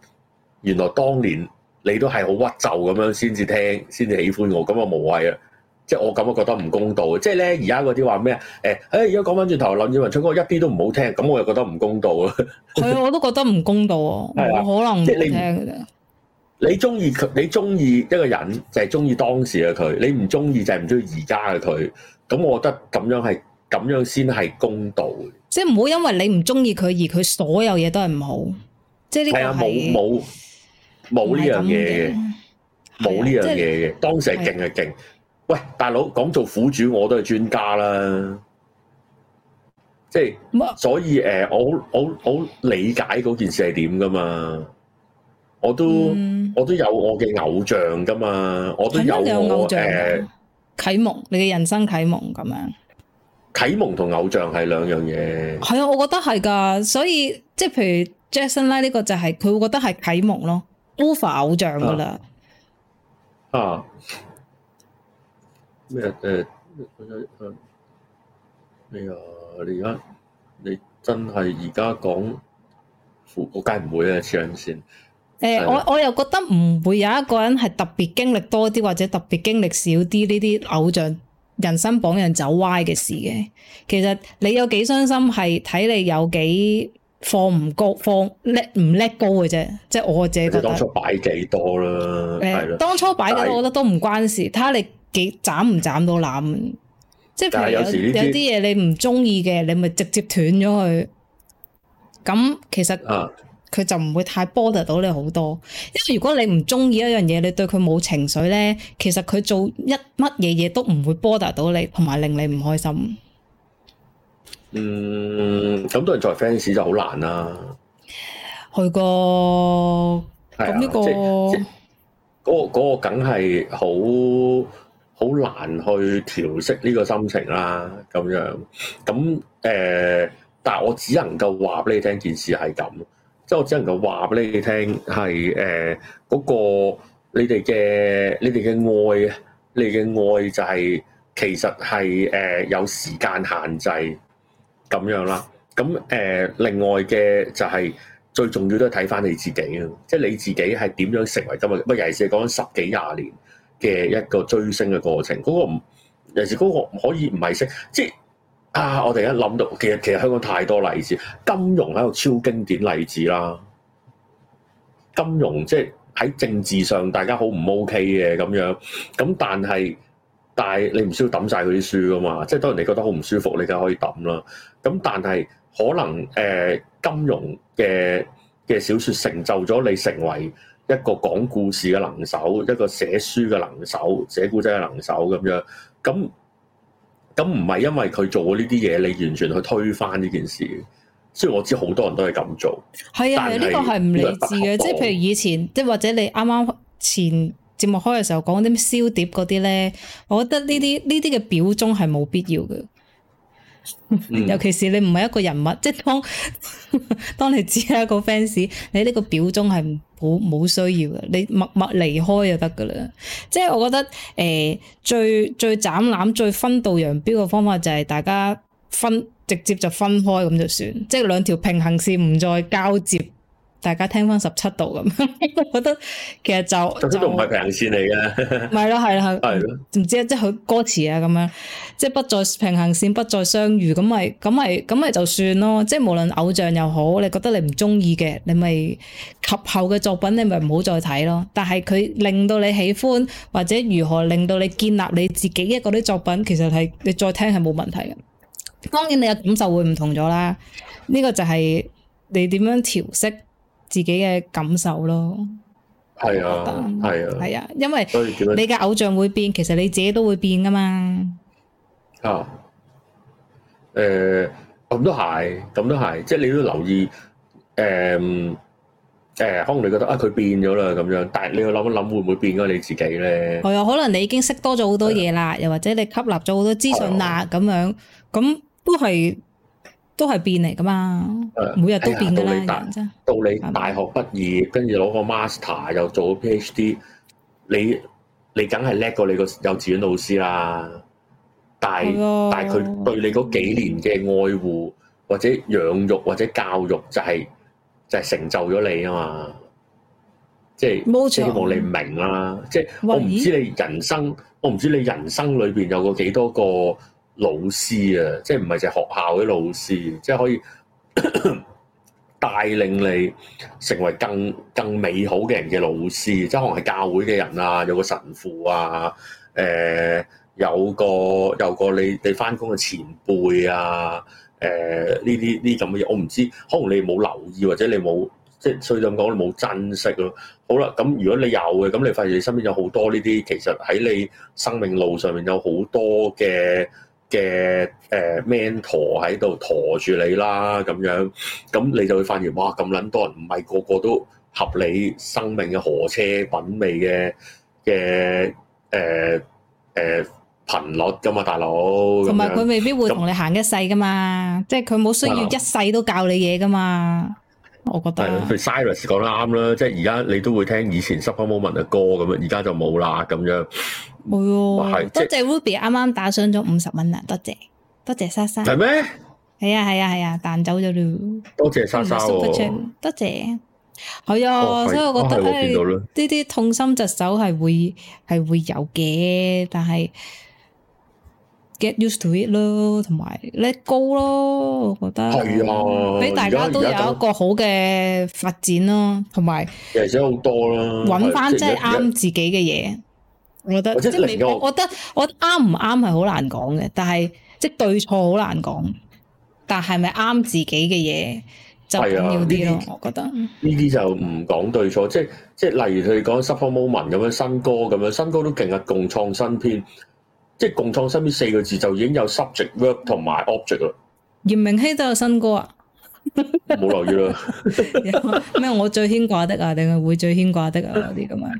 原來當年你都係好屈就咁樣先至聽，先至喜歡我，咁啊無謂啊！即我咁啊覺得唔公道。即呢咧，而家嗰啲話咩誒？誒而家講翻轉頭林二汶唱歌一啲都唔好聽，咁我又覺得唔公道咯。係 *laughs* 啊，我都覺得唔公道啊，我可能冇聽你中意佢，你中意一個人就係中意當時嘅佢，你唔中意就係唔中意而家嘅佢。咁我覺得咁樣係咁樣先係公道。即係唔好因為你唔中意佢而佢所有嘢都係唔好。即係呢個係。係啊，冇冇冇呢樣嘢，嘅，冇呢樣嘢嘅。就係、當時係勁係勁。係嘅喂，大佬講做苦主我都係專家啦。即係，咩？所以誒，我好我好理解嗰件事係點㗎嘛。我都、嗯、我都有我嘅偶像噶嘛，我都有，我有偶像，啟、欸、蒙你嘅人生啟蒙咁樣啟蒙同偶像係兩樣嘢，係啊，我覺得係㗎，所以即係譬如 Jason 啦，呢個就係、是、佢會覺得係啟蒙咯，都係偶像噶啦啊咩誒咩啊？你而家你真係而家講我梗係唔會啊，上線。誒、欸，我我又覺得唔會有一個人係特別經歷多啲或者特別經歷少啲呢啲偶像人生榜樣走歪嘅事嘅。其實你有幾傷心係睇你有幾放唔高放叻唔叻高嘅啫，即係我自己。你當初擺幾多啦？係咯、欸。的當初擺嘅，我覺得都唔關事，睇下是你幾斬唔斬到纜。即係譬如有有啲嘢你唔中意嘅，你咪直接斷咗佢。咁其實。啊佢就唔會太 bother 到你好多，因為如果你唔中意一樣嘢，你對佢冇情緒咧，其實佢做一乜嘢嘢都唔會 bother 到你，同埋令你唔開心。嗯，咁多人做 fans 就好難啦、啊。去過咁呢個嗰個嗰個，梗係好好難去調適呢個心情啦。咁樣咁誒、呃，但我只能夠話俾你聽，件事係咁。即係我只能夠話俾你聽，係誒嗰個你哋嘅你哋嘅愛，你哋嘅愛就係、是、其實係誒、呃、有時間限制咁樣啦。咁誒、呃、另外嘅就係、是、最重要都係睇翻你自己啊！即、就、係、是、你自己係點樣成為今日。啊？唔係尤其係講十幾廿年嘅一個追星嘅過程，嗰、那個尤其係嗰個可以唔係星即。啊！我哋一諗到，其實其實香港太多例子，金融喺度超經典例子啦。金融即係喺政治上，大家好唔 OK 嘅咁樣。咁但係，但係你唔需要抌晒佢啲書噶嘛？即係當人哋覺得好唔舒服，你就可以抌啦。咁但係可能，呃，金融嘅嘅小說成就咗你成為一個講故事嘅能手，一個寫書嘅能手，寫故仔嘅能手咁樣。咁.咁唔係因為佢做咗呢啲嘢，你完全去推翻呢件事。雖然我知好多人都係咁做，係啊的，呢是個係唔理智嘅。即係譬如以前，即係或者你啱啱前節目開嘅時候講啲咩燒碟嗰啲咧，我覺得呢啲呢啲嘅表忠係冇必要嘅。 *laughs* 尤其是你唔係一個人物，即係當 *laughs* 當你只係一個 fans，你呢個表忠係。好冇需要嘅，你默默離開就得㗎喇。即係我覺得，呃、最最斬纜、最分道揚鑣嘅方法就係大家分直接就分開咁就算，即係兩條平行線唔再交接。大家聽翻十七度咁，覺 *laughs* 得其實就十七度唔係平行線嚟嘅，咪咯係啦，係咯，唔知即係佢歌詞啊咁樣，即係不再平行線，不再相遇咁咪咁咪咁咪就算咯。即係無論偶像又好，你覺得你唔中意嘅，你咪及後嘅作品你咪唔好再睇咯。但係佢令到你喜歡，或者如何令到你建立你自己嘅嗰啲作品，其實係你再聽係冇問題嘅。當然你嘅感受會唔同咗啦。呢個就係你點樣調適自己嘅感受咯，係啊，係啊，係啊，因為你嘅偶像會變，其實你自己都會變噶嘛。啊，誒，咁都係，咁都係，即係你都要留意，誒，誒，可能你覺得啊，佢變咗啦，咁樣，但係你要諗一諗，會唔會變咗你自己咧？係啊，可能你已經識多咗好多嘢啦，又或者你吸納咗好多資訊啦，咁樣，咁都係。都係變嚟噶嘛，嗯、每日都變噶、哎，到你大，到你大學畢業，跟住攞個 Master 又做 PhD，你你梗係叻過你個幼稚園老師啦，但係、哎、呀但係佢對你嗰幾年嘅愛護或者養育或者教育就係、是、就係、是、成就咗你啊嘛，即、就、係、是、錯希望你唔明啦，即、就、係、是、我唔知你人生，哎、我唔知你人生裏邊有過幾多個。老師啊，即係唔係就學校嘅老師，即係可以 *coughs* 帶領你成為更更美好嘅人嘅老師，即係可能係教會嘅人啊，有個神父啊，誒、呃，有個有個你你翻工嘅前輩啊，誒、呃，呢啲呢咁嘅嘢，我唔知道，可能你冇留意或者你冇即係所以咁講，你冇珍惜咯。好啦，咁如果你有嘅，咁你發現你身邊有好多呢啲，其實喺你生命路上面有好多嘅。嘅誒 mentor 喺度駝住你啦，咁樣咁你就會發現，哇，咁撚多人唔係個個都合理生命嘅河車品味嘅嘅誒誒頻率噶嘛，大佬。同埋佢未必會同你行一世噶嘛，那即係佢冇需要一世都教你嘢噶嘛。我覺得係、啊、咯、啊，譬如 Sirus 講得啱啦，即係而家你都會聽以前 Super Moment 嘅歌咁樣，而家、啊、就冇啦咁樣。冇多謝 Ruby 啱啱打賞咗五十蚊啦，多謝多謝莎莎。係咩嗎？係啊係啊係啊，彈、啊啊、走咗咯。多謝莎莎、哦、多謝。係啊、哦，所以我覺得呢啲、哦啊、痛心疾首係會係會有嘅，但係。Get used to it 咯，同埋 let go 咯，我覺得，俾大家都有一個好嘅發展咯，同埋其實好多啦，揾翻真係啱自己嘅嘢，我覺得即係我覺得我啱唔啱係好難講嘅，但係即係對錯好難講，但係咪啱自己嘅嘢就緊要啲咯，我覺得呢啲就唔講對錯，即係即係例如佢講 super moment 咁樣新歌咁樣新歌都勁啊，共創新篇。即係共創新呢四個字就已經有 subject、verb 同埋 object 啦。嚴明熙都有新歌啊？冇留意啦。咩我最牽掛的啊？定係會最牽掛的啊？啲咁啊？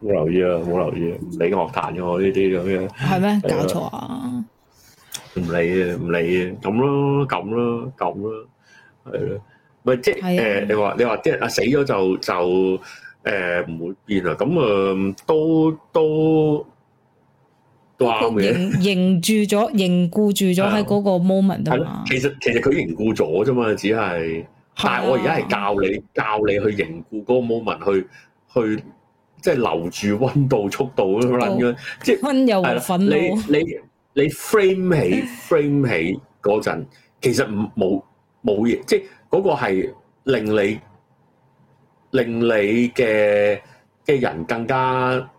冇留意啊！冇留意，唔理樂壇嘅我呢啲咁樣。係咩？搞錯啊？唔理啊，唔理啊，咁咯，咁咯，咁咯，係咯，咪即係誒？你話你話即係啊？死咗就就誒唔會變啊？咁啊都都。都凝凝住咗，凝固住咗喺嗰個 moment 度啦。其實其實佢凝固咗啫嘛，只係，但係我而家係教你教你去凝固嗰個 moment，去去即係留住溫度、速度咁樣樣，即係溫柔係啦。你你你 frame 起 frame 起嗰陣，其實唔冇冇嘢，即係嗰個係令你令你嘅嘅人更加。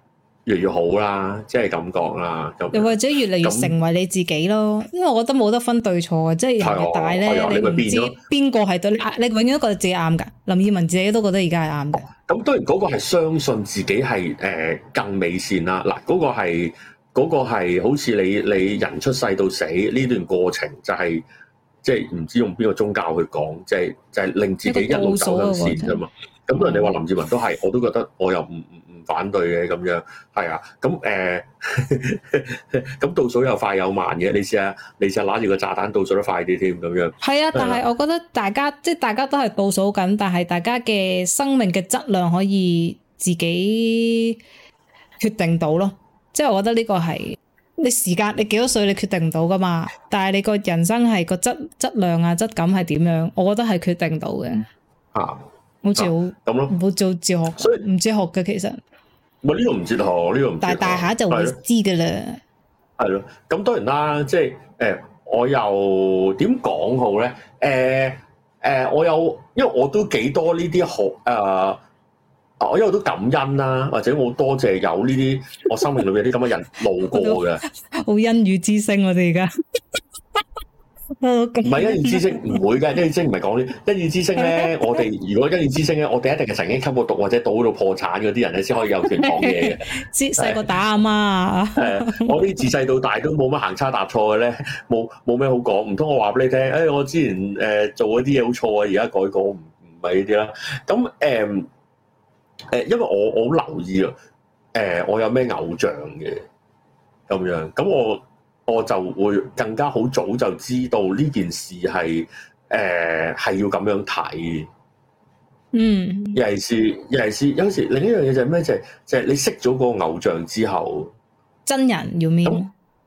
越來越好啦，即係感覺啦。又或者越嚟越成為你自己咯，那因為我覺得冇得分對錯啊！即係人越大咧，你唔知邊個係對，你永遠都覺得自己啱㗎。林二汶自己都覺得而家係啱嘅。咁、哦、當然嗰個係相信自己係誒、呃、更美善啦。嗱、那個，嗰、那個係嗰好似你你人出世到死呢段過程、就是，就係即係唔知用邊個宗教去講，即係就係、是就是、令自己一路走緊善啫嘛。咁、嗯、人哋話林二汶都係，我都覺得我又唔。反對嘅,咁樣，係啊，咁誒，咁倒數又快又慢嘅，你試下，你試下揦住個炸彈倒數得快啲添，咁樣。係啊，但係我覺得大家即係大家都係倒數緊，但係大家嘅生命嘅質量可以自己決定到咯。即係我覺得呢個係你時間你幾多歲你決定唔到噶嘛？但係你個人生係個質質量啊質感係點樣？我覺得係決定到嘅。吓，好似好咁咯，冇做哲學，所以唔知學嘅其實。我呢度唔知喎，呢度唔知。不接但大下就會知噶啦。係咯，咁當然啦，即係誒、欸，我又點講好咧？誒、欸、誒、欸，我有因為我都幾多呢啲學誒，我因為都感恩啦，或者我多謝有呢啲我生命裏面啲咁嘅人路過嘅。 *laughs* 我好恩雨之聲，我哋而家。唔係一念之識唔會嘅。一念之識唔係講呢一念之識咧。 *laughs* 我哋如果一念之識咧，我哋一定係曾經吸過毒或者賭到破產嗰啲人咧，先可以有權講嘢嘅。自細個打阿媽啊！哎哎、我啲自細到大都冇乜行差踏錯嘅咧，冇冇咩好講。唔通我話俾你聽？誒、哎，我之前誒、呃、做嗰啲嘢好錯啊，而家改過唔唔係呢啲啦。咁誒誒，因為我我好留意啊。誒、嗯，我有咩偶像嘅咁樣？咁我。我就會更加好早就知道呢件事係誒係要咁樣睇，嗯，尤其是尤其是，有時另一樣嘢就係咩？就係就係你識咗個偶像之後，真人要咩？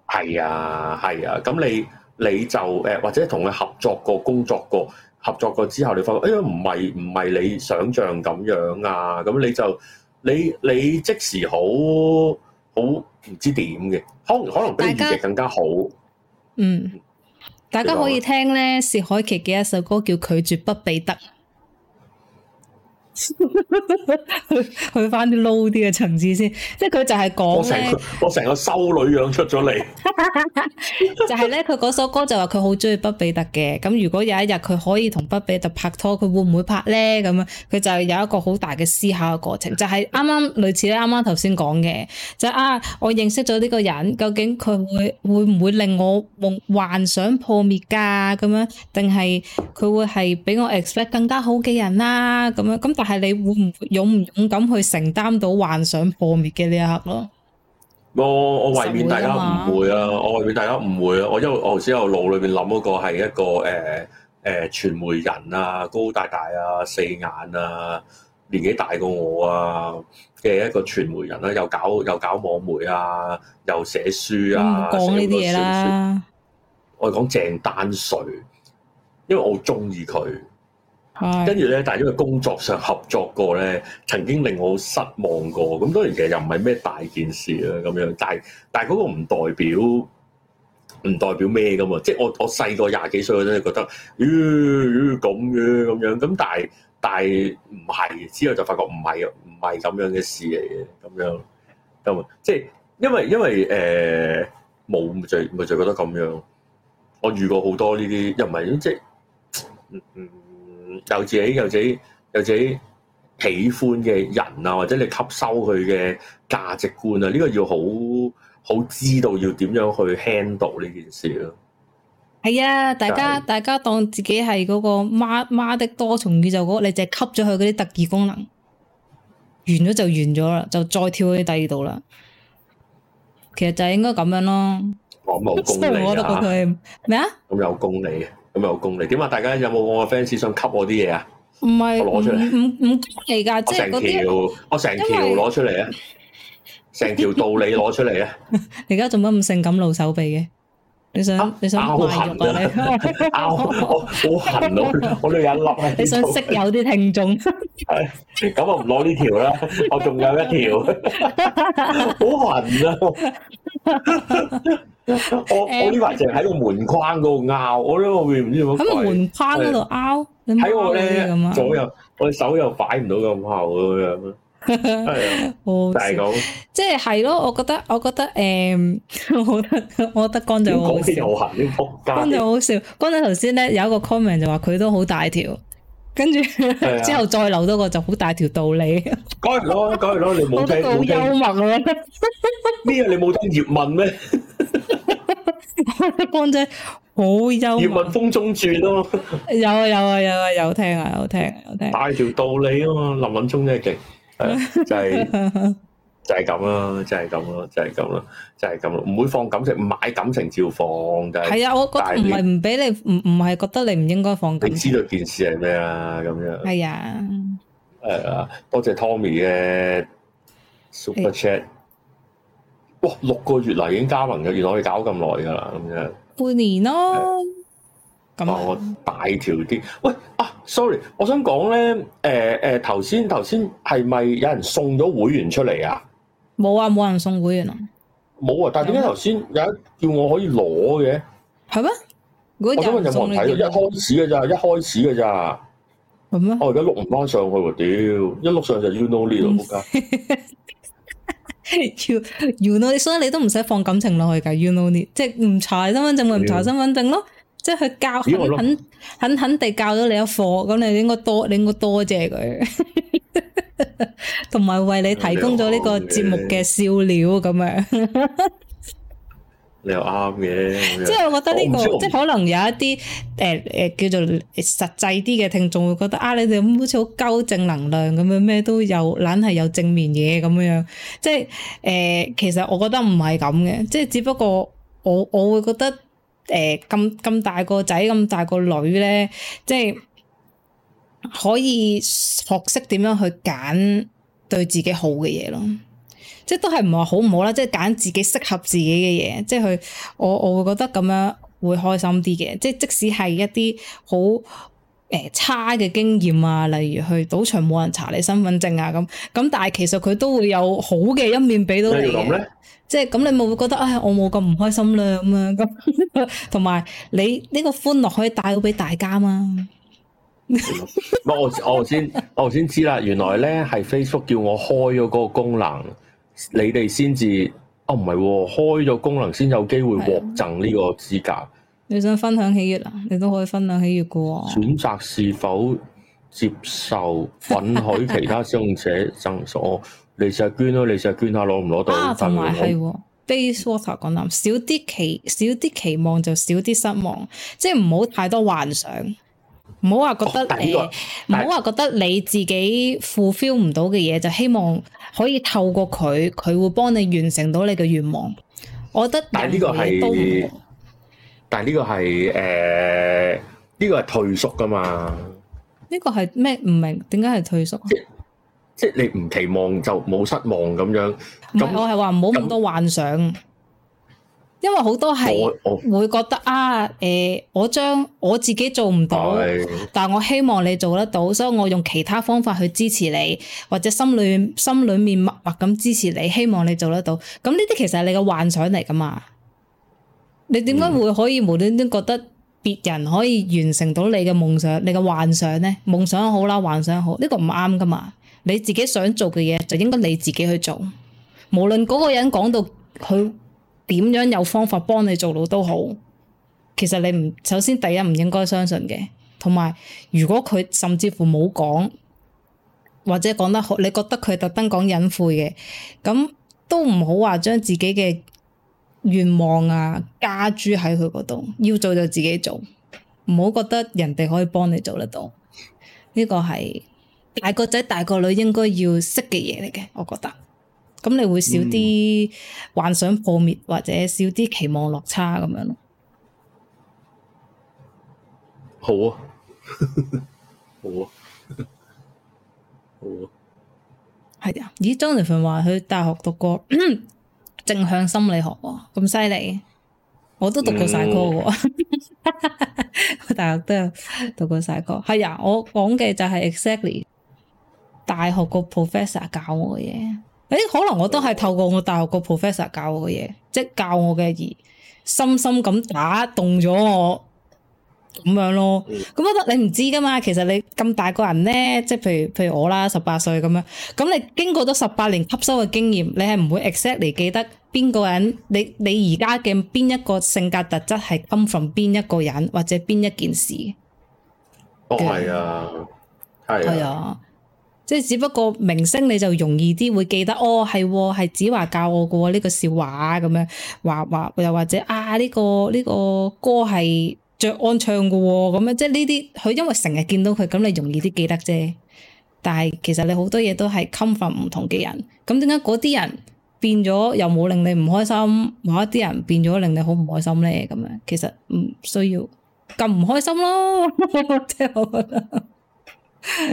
係啊係啊，咁你你就誒或者同佢合作過、工作過、合作過之後，你發覺哎呀，唔係唔係你想象咁樣啊，咁你就你你即時好。好，唔知點嘅，可能可能比預期更加好。嗯，大家可以聽咧薛凱琪嘅一首歌叫《拒絕不被得》。去返翻啲 low 啲嘅層次先，即係佢就係講我成個，個修女樣出咗嚟， *laughs* *laughs* 就係咧，佢嗰首歌就話佢好中意畢比特嘅，咁如果有一日佢可以同畢比特拍拖，佢會唔會拍咧？咁樣佢就有一個好大嘅思考嘅過程，就係啱啱類似咧啱啱頭先講嘅，就係、啊我認識咗呢個人，究竟佢會會唔會令我夢幻想破滅噶？咁樣，定係佢會係俾我 expect 更加好嘅人啦、啊？咁樣，咁但係你會唔勇唔勇敢去承擔到幻想破滅嘅呢一刻咯？我我為免大家誤會啊！我為免大家誤會啊！我因為我頭先我腦裏邊諗嗰個係一個誒誒傳媒人啊，高大大啊，四眼啊，年紀大過我啊嘅一個傳媒人啊，又搞又搞網媒啊，又寫書啊，講呢啲嘢啦。我係講鄭丹瑞，因為我好中意佢。跟住咧，但係因為工作上合作過咧，曾經令我失望過。咁當然其實又唔係咩大件事啦，咁樣。但係但係嗰個唔代表唔代表咩噶嘛？即係我我細個廿幾歲嗰陣覺得，咦咦咁嘅咁樣。咁但係但係唔係，之後就發覺唔係唔係咁樣嘅事嚟嘅咁樣咁。即係因為因為誒冇咪就咪就覺得咁樣。我遇過好多呢啲，又唔係即係嗯嗯。就自己有自己有自己，有自己喜歡嘅人啊，或者你吸收佢嘅價值觀啊，呢、這個要好好知道要點樣去 handle 呢件事咯、啊。係啊，大家、就是、大家當自己係嗰個媽媽，媽的多重宇宙嗰、那個，你就吸咗佢嗰啲特異功能，完咗就完咗啦，就再跳去第二度啦。其實就應該咁樣咯。我冇公過佢，咩啊？咁有公理啊？有功利？點啊？大家有冇我嘅 fans 想吸我啲嘢啊？唔係，我攞出嚟，唔唔奇㗎，即係嗰，我成條，我成條攞出嚟啊！成條道理攞出嚟啊！你而家做乜咁性感露手臂嘅？你想你想咬痕啊，你咬好好痕咯，我呢眼粒係你想識有啲聽眾，係咁我唔攞呢條啦，我仲有一條好痕啊，我我呢排淨喺個門框嗰度咬，我呢個面唔知乜鬼喺個門框嗰度咬，喺我呢左右我手又擺唔到咁厚咁樣。係啊，即係係咯，我覺得我覺得誒，我覺得我覺得江仔好笑。江仔好行，江仔好笑。江仔頭先咧有一個 comment 就話佢都好大條，跟住之後再留多個就好大條道理。講完咯，講完咯，你冇聽冇聽？好幽默啊！咩你冇聽葉問咩？江仔好幽默。葉問風中轉咯。有啊有啊有啊有聽啊有聽有聽。大條道理啊嘛，林敏聰真係勁。就係就係咁咯，就係咁咯，就係咁咯，就係咁咯，唔會放感情，唔買感情照放。係啊，我覺得唔係唔俾你，唔唔係覺得你唔應該放。你知道件事係咩啊？咁樣係啊，係啊，多謝 Tommy 嘅 Super Chat。哇，六個月嚟，已經加盟嘅，原來我哋搞咁耐噶啦，咁樣半年咯。啊咁、嗯、我大條啲，喂啊，sorry，我想講咧，誒、呃、誒，頭先頭先係咪有人送咗會員出嚟啊？冇啊，冇人送會員啊。冇啊，但係點解頭先有一叫我可以攞嘅？係咩？如果有人我想問有冇睇？一開始嘅咋，一開始嘅咋。咁、哦、啊？我而家碌唔翻上去喎 you know，屌 you know！一碌上就 you know 呢度仆街。you know 所以你都唔使放感情落去噶 you know 即係唔查身份證咪唔查身份證咯。即係教，肯肯肯地教咗你一課，咁你應該多，你應該多謝佢，同埋為你提供咗呢個節目嘅笑料咁樣。你又啱嘅。即係我覺得呢個，即係可能有一啲誒誒叫做實際啲嘅聽眾會覺得啊，你哋咁好似好鳩正能量咁樣，咩都有，懶係有正面嘢咁樣。即係誒，其實我覺得唔係咁嘅，即係只不過我我會覺得。誒，咁咁大個仔咁大個女咧，即係可以學識點樣去揀對自己好嘅嘢咯，即係都係唔話好唔好啦，即係揀自己適合自己嘅嘢，即係佢我我會覺得咁樣會開心啲嘅，即係即使係一啲好。誒，差嘅經驗啊，例如去賭場冇人查你身份證啊，咁咁。但係其實佢都會有好嘅一面俾到你嘅，呢即係咁你咪會覺得啊、哎，我冇咁唔開心啦咁啊，咁同埋你呢、呢個歡樂可以帶到俾大家嘛。我我先我先知啦， *laughs* 原來咧係 Facebook 叫我開咗嗰個功能，你哋先至，哦唔係開咗功能先有機會獲贈呢個資格。你想分享喜悦啊？你都可以分享喜悦噶、哦。選擇是否接受允許其他使用者贈所、 *laughs* 哦，你成日捐咯，你成日捐下攞唔攞到？啊，同埋係，base water 講諗，少啲期，少啲期望就少啲失望，即係唔好太多幻想，唔好話覺得誒，唔好話覺得你自己 fulfill 唔到嘅嘢，是就希望可以透過佢，佢會幫你完成到你嘅願望。我覺得但係呢個係。但係呢個係誒，呢、呃呢個係退縮噶嘛？呢個係咩？唔明點解係退縮？即係即係你唔期望就冇失望咁樣。唔係、咁樣我係話唔好咁多幻想，嗯、因為好多係會覺得啊，誒、欸，我將我自己做唔到，哎、但係我希望你做得到，所以我用其他方法去支持你，或者心裏心裏面默默咁支持你，希望你做得到。咁呢啲其實係你嘅幻想嚟噶嘛？你點解會可以無端端覺得別人可以完成到你嘅夢想、你嘅幻想咧？夢想好啦，幻想好，呢個唔啱噶嘛！你自己想做嘅嘢就應該你自己去做，無論嗰個人講到佢點樣有方法幫你做到都好，其實你唔首先第一唔應該相信嘅，同埋如果佢甚至乎冇講，或者講得好，你覺得佢特登講隱晦嘅，咁都唔好話將自己嘅。願望啊，加注喺佢嗰度，要做就自己做，唔好覺得人哋可以幫你做得到。呢、呢個係大個仔大個女應該要識嘅嘢嚟嘅，我覺得。咁你會少啲幻想破滅，嗯、或者少啲期望落差咁樣咯。好啊， *laughs* 好啊， *laughs* 好啊。係啊，咦 Jonathan 話去大學讀過。 *coughs* 正向心理學喎，咁犀利，我都讀過曬科喎，mm hmm. *laughs* 我大學都有讀過晒科。係啊，我講嘅就係 exactly 大學個 professor 教我嘅嘢。誒，可能我都係透過我大學個 professor、就是、教我嘅嘢，即係教我嘅而深深咁打動咗我。咁樣咯，咁我覺得你唔知噶嘛？其實你咁大個人咧，即係譬如譬如我啦，十八歲咁樣，咁你經過咗十八年吸收嘅經驗，你係唔會 exactly 記得邊個人，你你而家嘅邊一個性格特質係 come from 邊一個人或者邊一件事嘅。哦，係對啊，係對啊，即係只不過明星你就容易啲會記得哦，係係子華教我嘅呢、這個笑話咁樣，話話又或者啊呢、這個呢、這個歌係。着安唱嘅喎，咁樣即係呢啲，佢因為成日見到佢，咁你容易啲記得啫。但係其實你好多嘢都係 conflict 唔同嘅人，咁點解嗰啲人變咗又冇令你唔開心，某一啲人變咗令你好唔開心咧？咁樣其實唔需要咁唔開心咯，我掉啦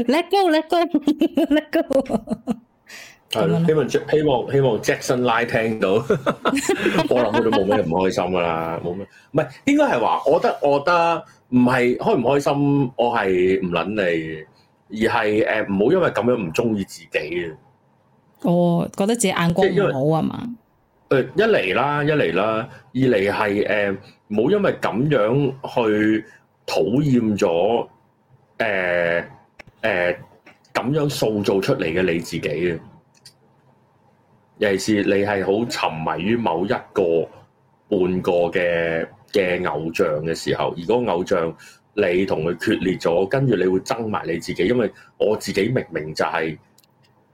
，let go，let go，let go。Go, *laughs* 係希望希希望希望 Jackson 拉聽到，我諗佢都冇咩唔開心噶啦，冇咩，唔係應該係話，我得我得，唔係開唔開心，我係唔撚你，而係誒唔好因為咁樣唔中意自己嘅。我覺得自己眼光唔好啊嘛。誒一嚟啦，一嚟啦，二嚟係誒，冇因為咁樣去討厭咗誒誒咁樣塑造出嚟嘅你自己啊。尤其是你係好沉迷於某一個、半個嘅嘅偶像嘅時候，而嗰個偶像你同佢決裂咗，跟住你會憎埋你自己，因為我自己明明就係、是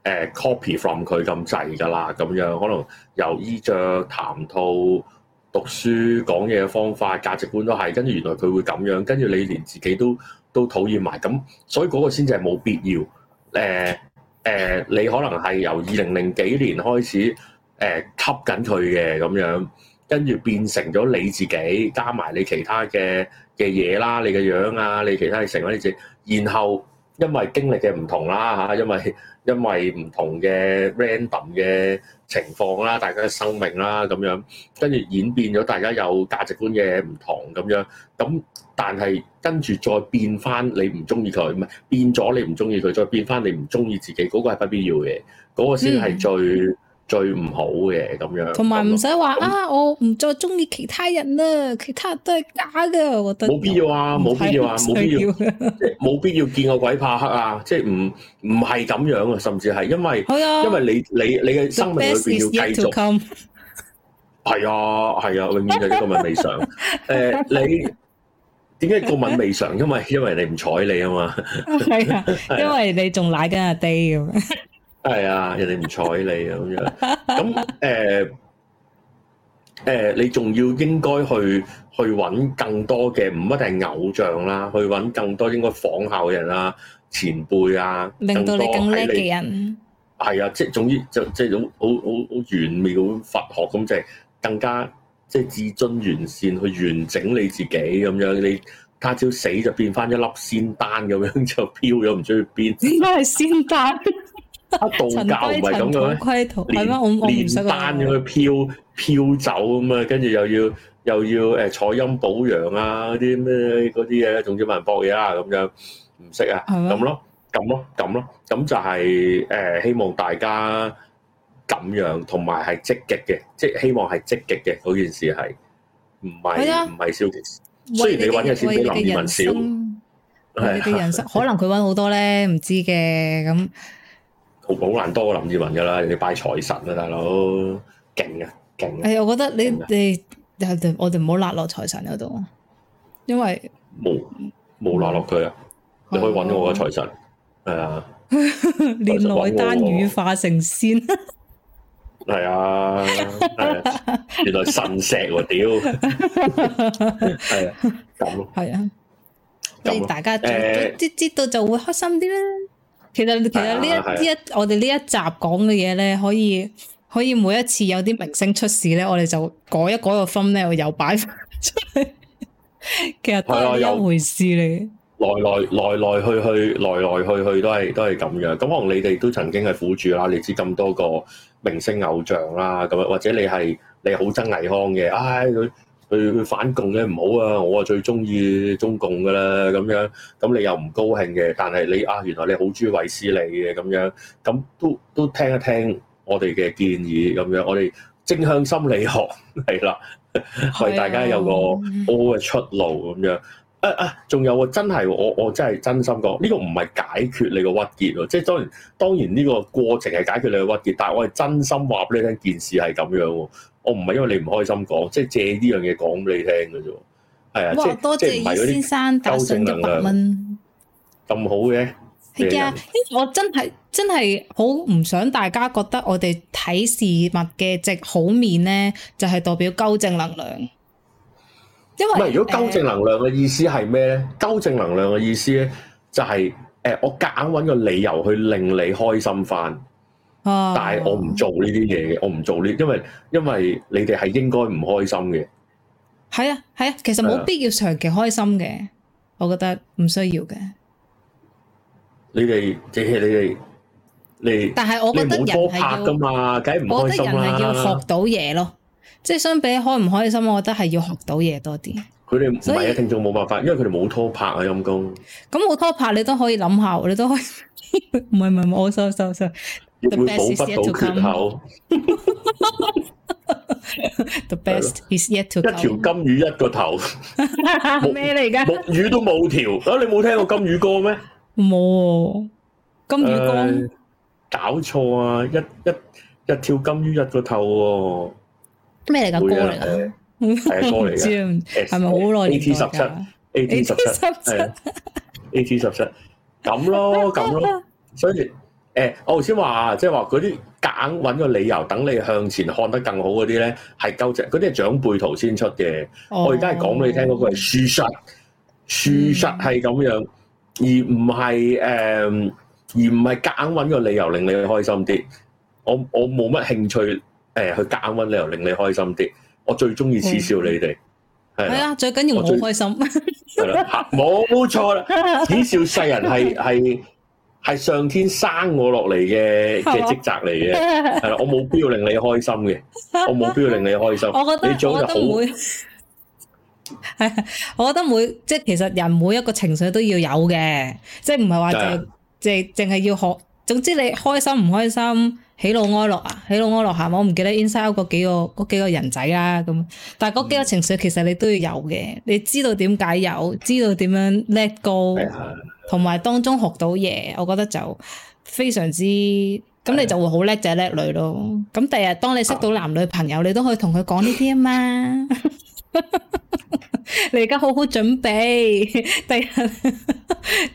呃、copy from 佢咁滯㗎喇，咁樣可能由衣着、談吐、讀書、講嘢嘅方法、價值觀都係，跟住原來佢會咁樣，跟住你連自己都都討厭埋，咁所以嗰個先至係冇必要誒。呃誒，你可能係由二零零幾年開始誒吸緊佢嘅咁樣，跟住變成咗你自己加埋你其他嘅嘅嘢啦，你嘅樣啊，你其他嘅成分，你自己，然後因為經歷嘅唔同啦嚇，因為因為唔同嘅 random 嘅情況啦，大家嘅生命啦咁樣，跟住演變咗大家有價值觀嘅唔同咁樣，咁。但係跟住再變翻，不變你唔中意佢，唔係變咗你唔中意佢，再變翻你唔中意自己，嗰、嗰個係不必要嘅，嗰、嗰個先係最、嗯、最唔好嘅咁樣。同埋唔使話啊，我唔再中意其他人啦，其他人都係假嘅，我覺得。冇必要啊！冇必要啊！冇必要，冇 *laughs* 必要見過鬼怕黑啊！即係唔唔係咁樣啊，甚至係因為、啊、因為你你你嘅生命裏邊要繼續。The best is yet to come. 係啊係啊，永遠係呢個咪未上你。點解個吻未嘗？因為因為你唔睬你啊嘛，係啊，因為你仲賴緊阿 D 咁。係 *laughs* 啊，人哋唔睬你啊咁樣。咁誒誒，你仲要應該去去揾更多嘅，唔一定係偶像啦，去揾更多應該仿效嘅人啊，前輩啊，令到你更叻嘅人。係、嗯、啊，即係總之，即係好好好好玄妙佛學咁，即係更加。即係至尊完善，去完整你自己咁樣，你他朝死就變翻一粒仙丹咁樣就飄咗唔知去邊。點解係仙丹？ *laughs* 道教唔係咁樣咩？煉煉丹咁樣飄飄走咁、呃、啊，跟住又要又要誒採陰補陽啊，啲咩嗰啲嘢，仲要問人博嘢啊咁樣，唔識啊咁嗎咯，咁咯咁咯，咁就係、是、誒、呃、希望大家。咁樣同埋係積極嘅，即係希望係積極嘅嗰件事係唔係唔係消極。雖然你揾嘅少，林二汶少，你啲人生可能佢揾好多咧，唔知嘅咁好難多過林二汶噶啦，你拜財神啊，大佬勁呀勁。誒，我覺得你哋我哋唔好拉落財神嗰度，因為冇冇落落佢啊！你可以揾我嘅財神，係啊，煉內丹羽化成仙。係啊，啊，原來神石喎，屌係咁係啊，所以大家知、呃、知道就會開心啲啦。其實其實呢一呢、啊啊、一我哋呢一集講嘅嘢咧，可以可以每一次有啲明星出事咧，我哋就改一改個分咧，我又擺出嚟。其實都係一回事嚟、啊，來來來來去去來來去去都係都係咁樣。咁可能你哋都曾經係苦主啦，你知咁多個明星偶像啦，咁或者你係你好憎倪匡嘅，唉，佢佢反共嘅唔好啊，我啊最中意中共噶啦，咁樣，咁你又唔高興嘅，但係你啊原來你好中意韋斯理嘅咁樣，咁都都聽一聽我哋嘅建議咁樣，我哋正向心理學係啦，為、啊、 *laughs* 大家有個好好嘅出路咁樣。啊啊，仲有啊！有真係我我真係真心講，呢、呢個唔係解決你個鬱結，即係當然當然呢個過程係解決你嘅鬱結，但係我係真心話俾你聽，件事係咁樣。我唔係因為你唔開心講，即係借、哎、呢樣嘢講俾你聽嘅啫。係啊、嗯，即先生，一百蚊咁好嘅。係啊，我真係真係好唔想大家覺得我哋睇事物嘅值好面咧，就係代表高正能量。因為唔係，如果糾正能量嘅意思係咩咧？糾正能量嘅意思咧就係誒，我夾硬揾個理由去令你開心翻。哦，但係我唔做呢啲嘢嘅，我唔做呢啲，因為因為你哋係應該唔開心嘅。係啊係啊，其實冇必要長期開心嘅，我覺得唔需要嘅。你哋，即係你哋，你，因為冇多拍噶嘛，梗係唔開心啦。我覺得人係要學到嘢咯。即係相比開唔開心，我覺得係要學到嘢多啲。佢哋唔係啊，聽眾冇辦法，因為佢哋冇拖拍啊，陰公。咁冇拖拍，你都可以諗下，你都可以，唔係唔係唔係，我收收收，補唔到缺口。The best is yet to come。一條金魚一個頭。咩嚟㗎？木魚都冇條啊！你冇聽過金魚歌咩？冇金魚歌。搞錯啊！一一一條金魚一個頭喎。咩嚟噶歌嚟噶？係歌嚟噶，係咪好耐 A T 十七，A T 十七，A T 十七，咁咯，咁咯。所以誒、欸，我頭先話即係話嗰啲夾硬揾個理由等你向前看得更好嗰啲咧，係鳩直，嗰啲係長輩圖先出嘅。我而家係講俾你聽，嗰個係事實，事實係咁樣，而唔係誒，而唔係夾硬揾個理由令你開心啲。我我冇乜興趣。誒，去夾硬揾理由令你開心啲，我最中意恥笑你哋，係啊、嗯，的最緊要我開心，冇錯啦，恥， *laughs* 笑世人係係係上天生我落嚟嘅嘅職責嚟嘅，係啦是吧， *laughs* 我冇必要令你開心嘅，我冇必要令你開心，我覺得，你做得好我覺得唔會 *laughs* 我覺得每即係其實人每一個情緒都要有嘅，即係唔係話就即係淨係要學，總之你開心唔開心。喜怒哀樂啊，喜怒哀樂下，我唔記得 inside 嗰幾個嗰幾個人仔啦、啊、咁。但係嗰幾個情緒其實你都要有嘅，你知道點解有，知道點樣 let go，同埋當中學到嘢，我覺得就非常之咁，哎、呀咁你就會好叻仔叻女咯。咁第日當你識到男女朋友，你都可以同佢講呢啲啊嘛。 *coughs* *laughs* 你而家好好準備，第日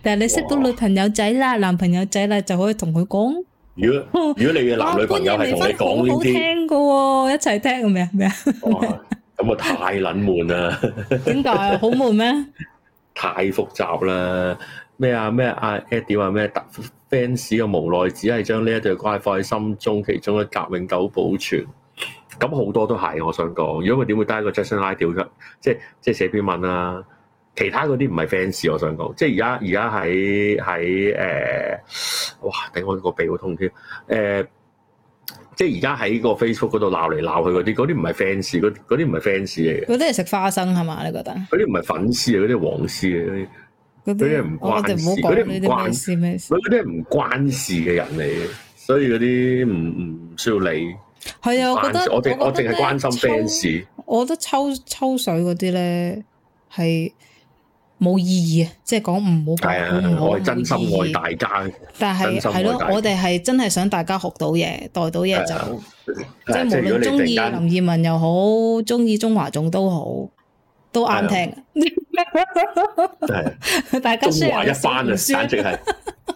第日你識到女朋友仔啦、哇男朋友仔啦，就可以同佢講。如果如果你嘅男女朋友係同你講呢啲，好，好聽嘅喎、啊，一齊聽咩啊咩啊？咁啊太捻悶啦！點解好悶咩？悶太複雜啦！咩啊咩啊？at 點啊咩？fans 嘅無奈只係將呢一對怪放喺心中，其中一格永久保存。咁好多都係我想講。如果佢點會帶一個 justin 拉調出？即係即係寫篇文啦。其他嗰啲唔係 fans，我想講。即係而家而家喺喺誒。睇我個鼻好痛添，誒，即係而家喺個 Facebook 嗰度鬧嚟鬧去嗰啲，嗰啲唔係 fans，嗰啲唔係 fans 嚟嘅。嗰啲係食花生係嘛？你覺得？嗰啲唔係粉絲啊，嗰啲黃絲啊，嗰啲啲唔關事，嗰啲唔關事咩事？嗰啲係唔關事嘅人嚟嘅，所以嗰啲唔唔需要理。係啊，我覺得我我淨係關心 fans。我覺得抽抽水嗰啲咧係。冇意義啊！即係講唔好講，真心愛大家，但係係咯，我哋係真係想大家學到嘢，代到嘢就即係無論中意林二汶又好，中意中華頌都好，都啱聽。大家。中華一番啊，簡直係，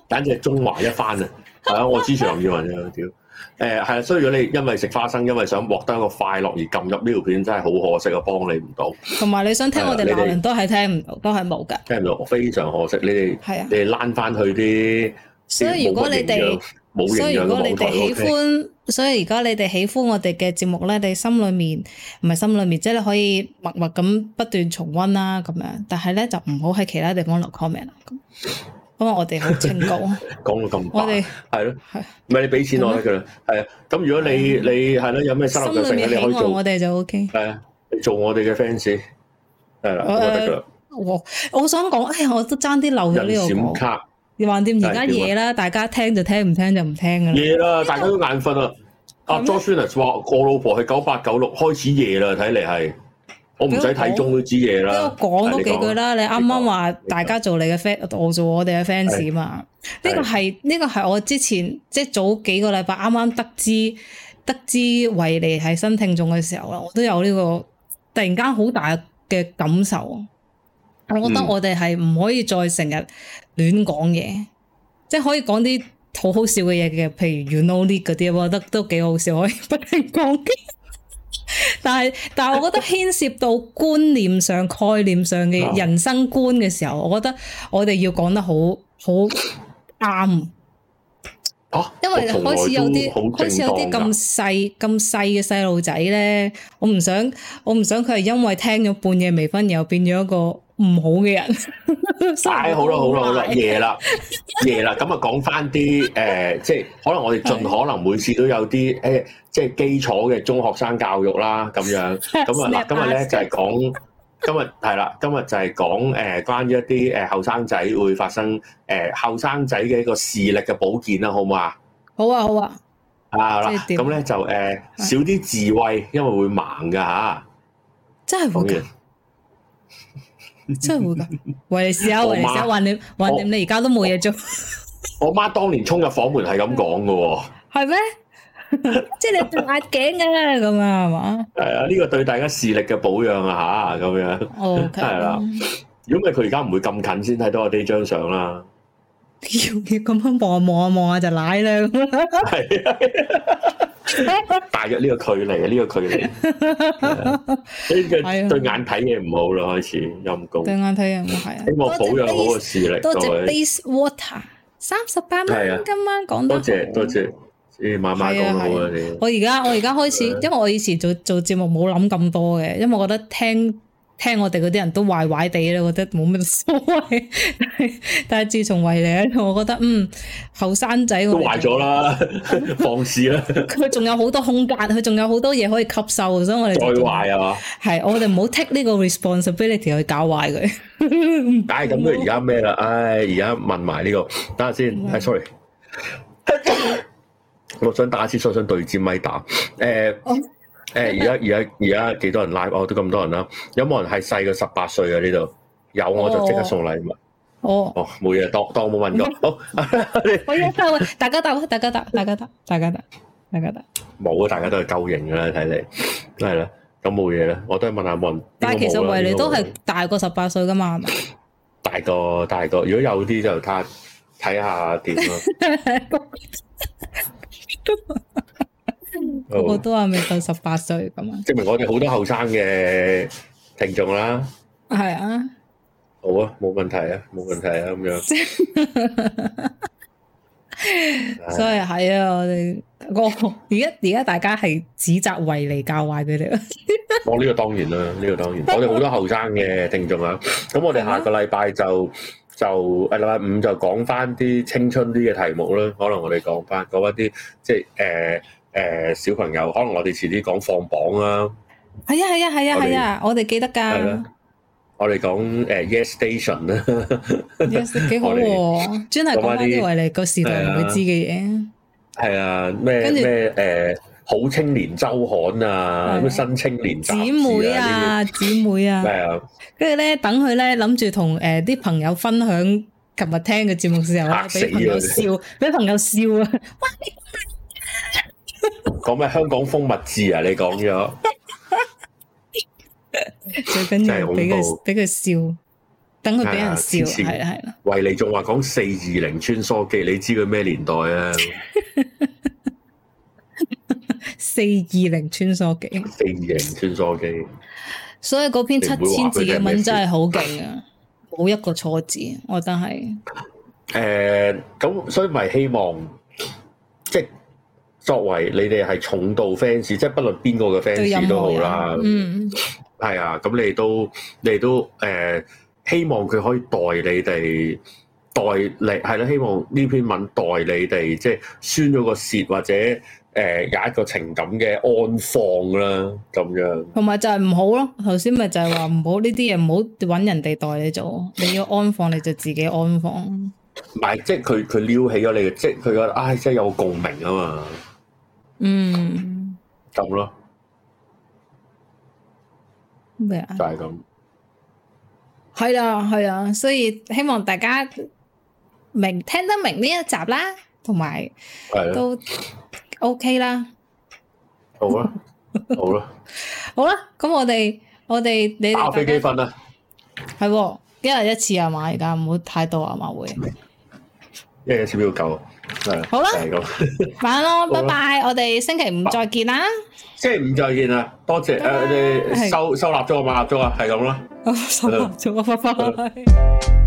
簡直係中華一番啊！係啊，我支持林二汶啊！屌。誒係啊！所以如果你因為食花生，因為想獲得一個快樂而撳入呢條片，真係好可惜啊！幫你唔到。同埋你想聽我哋鬧人都係聽唔到，呃、都係冇㗎。聽唔到非常可惜，你哋係啊你哋躝翻去啲。所以如果你哋冇營養嘅網台，所以如果你哋喜歡，所以而家你哋喜，OK？喜歡我哋嘅節目咧，你心裡面唔係心裡面，即係你可以默默咁不斷重温啦咁樣。但係咧就唔好喺其他地方落 comment 啦咁。咁我哋好清講，講到咁白，係咯，係咪你俾錢我得噶啦？係啊，咁如果你你係咯，有咩心裏面希望你可以做我哋就 OK。係啊，做我哋嘅 fans，係啦，我得噶。我我想講，哎呀，我都爭啲漏咗呢度講。閃卡，你橫掂而家夜啦，大家聽就聽，唔聽就唔聽啦。夜啦，大家都眼瞓啦。阿 Joanis 話，我老婆係九八九六開始夜啦，睇嚟係。我唔使睇中嗰支嘢啦，俾我講多幾句啦。你啱啱話大家做你嘅 friend，我做我哋嘅 fans 嘛？呢的個係呢的個係我之前即係、就是、早幾個禮拜啱啱得知得知維尼係新聽眾嘅時候啦，我都有呢個突然間好大嘅感受。我覺得我哋係唔可以再成日亂講嘢，嗯、即係可以講啲好好笑嘅嘢嘅，譬如《小努力》嗰啲，我覺得都幾好笑，可以不停講。但係，但係，我覺得牽涉到觀念上、 *laughs* 概念上嘅人生觀嘅時候，我覺得我哋要講得好好啱。吓，因為開始有啲開始有啲咁細咁細嘅細路仔咧，我唔想我唔想佢係因為聽咗半夜微醺又變咗一個。唔好嘅人，晒好啦，好啦，好啦，夜啦，夜啦，咁啊，講翻啲誒，即係可能我哋盡可能每次都有啲誒、欸，即係基礎嘅中學生教育啦，咁樣咁啊，嗱，今日咧就係、是、講今日係啦，今日就係講誒，關於一啲誒後生仔會發生誒後生仔嘅一個視力嘅保健啦，好唔好啊？好啊，好啊，啊啦，咁咧就誒、呃、少啲自慰， *laughs* 因為會盲噶吓，啊、真係會。講完真係會噶，為嚟試下，為嚟試下橫掂，橫掂，你而家都冇嘢做。我媽當年衝入房門係咁講噶，係咩？ *laughs* 即係你戴眼鏡啊，咁樣係嘛？係啊，呢個對大家視力嘅保養啊，吓咁樣。哦 Okay. *laughs* *laughs* 係啦。如果唔係佢而家唔會咁近先睇到我呢張相啦。要要咁樣望望一望啊就奶啦。係啊。 *laughs* 大約呢個距離啊，呢、這個距離，呢個 *laughs* 對眼睇嘢唔好啦，開始陰功。對眼睇嘢唔係，希望保養好個視力。多謝 Base Water 三十八蚊。係啊，今晚講多謝多謝，謝，謝、嗯，慢慢講好啊。我而家我而家開始，的因為我以前做做節目冇諗咁多嘅，因為我覺得聽。聽我哋嗰啲人都壞壞地啦，我覺得冇咩所謂。但係自從維尼，我覺得嗯，後生仔都壞咗啦，嗯、放肆啦。佢仲有好多空間，佢仲有好多嘢可以吸收，所以我哋再壞係嘛？係我哋唔好 take 呢個 responsibility 去搞壞佢。嗯、但係唉，咁都而家咩啦？唉，而家問埋呢、呢個，等下先。係 sorry，我想打一次，所以想對住咪打。誒、欸。Oh. 誒，而家而家而家幾多人拉？我、哦、都咁多人啦！有冇人係細過十八歲啊？呢度有我就即刻送禮物。哦、oh. oh. 哦，冇嘢，當當冇問過。好、哦，可 *laughs* *laughs* 大家答，大家答，大家答，大家答，大家答。冇啊，大家都係夠型噶啦，睇嚟，梗係啦，咁冇嘢咧，我都係問下冇人。但係其實維理都係大過十八歲噶嘛？大個大個，如果有啲就睇睇下點咯。看看 *laughs* 個個都話未夠十八歲咁啊！證明我哋好多後生嘅聽眾啦，係啊，好啊，冇問題啊，冇問題啊，咁樣， *laughs* 啊、所以係啊，我哋我而家而家大家係指責為嚟教壞畀你。我 *laughs* 呢、哦，這個當然啦，呢、這個當然，我哋好多後生嘅聽眾啊。咁 *laughs* 我哋下個禮拜就就誒禮拜五就講翻啲青春啲嘅題目啦。可能我哋講翻講一啲即係誒。呃誒，小朋友，可能我哋遲啲講放榜啊。係啊，係啊，係啊，係啊，我哋記得噶。我哋講誒，Yes Station，幾好，專係講翻啲為嚟個時代唔會知嘅嘢。係啊，咩咩誒，好青年周刊啊，咩新青年姊妹啊，姊妹啊，跟住咧，等佢咧諗住同誒啲朋友分享，琴日聽嘅節目嘅時候，俾朋友笑，俾朋友笑啊。講咩香港風物志啊！你講咗，最緊要俾佢俾佢笑，等佢俾人笑，係啦係啦。維尼仲話講四二零穿梭機，你知佢咩年代啊？四二零穿梭機，四二零穿梭機。所以嗰篇七千字嘅文真係好勁啊！冇一個錯字，我真係。誒，咁所以咪希望即係。作為你哋係重度 fans，即係不論邊個嘅 fans 都好啦，嗯嗯，係啊，咁你都你都誒、呃、希望佢可以代理你哋代你係咯，希望呢篇文代理你哋，即係宣咗個洩，或者誒、呃、有一個情感嘅安放啦，咁樣。同埋就係唔好咯，頭先咪就係話唔好呢啲嘢，唔好揾人哋代理你做，你要安放你就自己安放。唔係，即係佢佢撩起咗你嘅，即係佢覺得唉，即係有共鳴啊嘛～嗯，咁咯，咩啊麼？就係咁，係啦，係啊，所以希望大家明聽得明呢一集啦，同埋都 OK 啦，好啦，好啦，好啦，咁 *laughs* 我哋我哋 *laughs* 你打飛機瞓啦。係一日一次啊嘛，而家唔好太多啊嘛會一日一次要夠。嗯、好啦吧，係咁，晚安咯，拜拜吧，bye bye, 我哋星期五再見啦，星期五再見啦，多謝誒，bye bye 呃、你收是收納咗我，馬立咗啊，係咁啦， *laughs* 收納咗我，拜拜 *laughs* bye。 *laughs*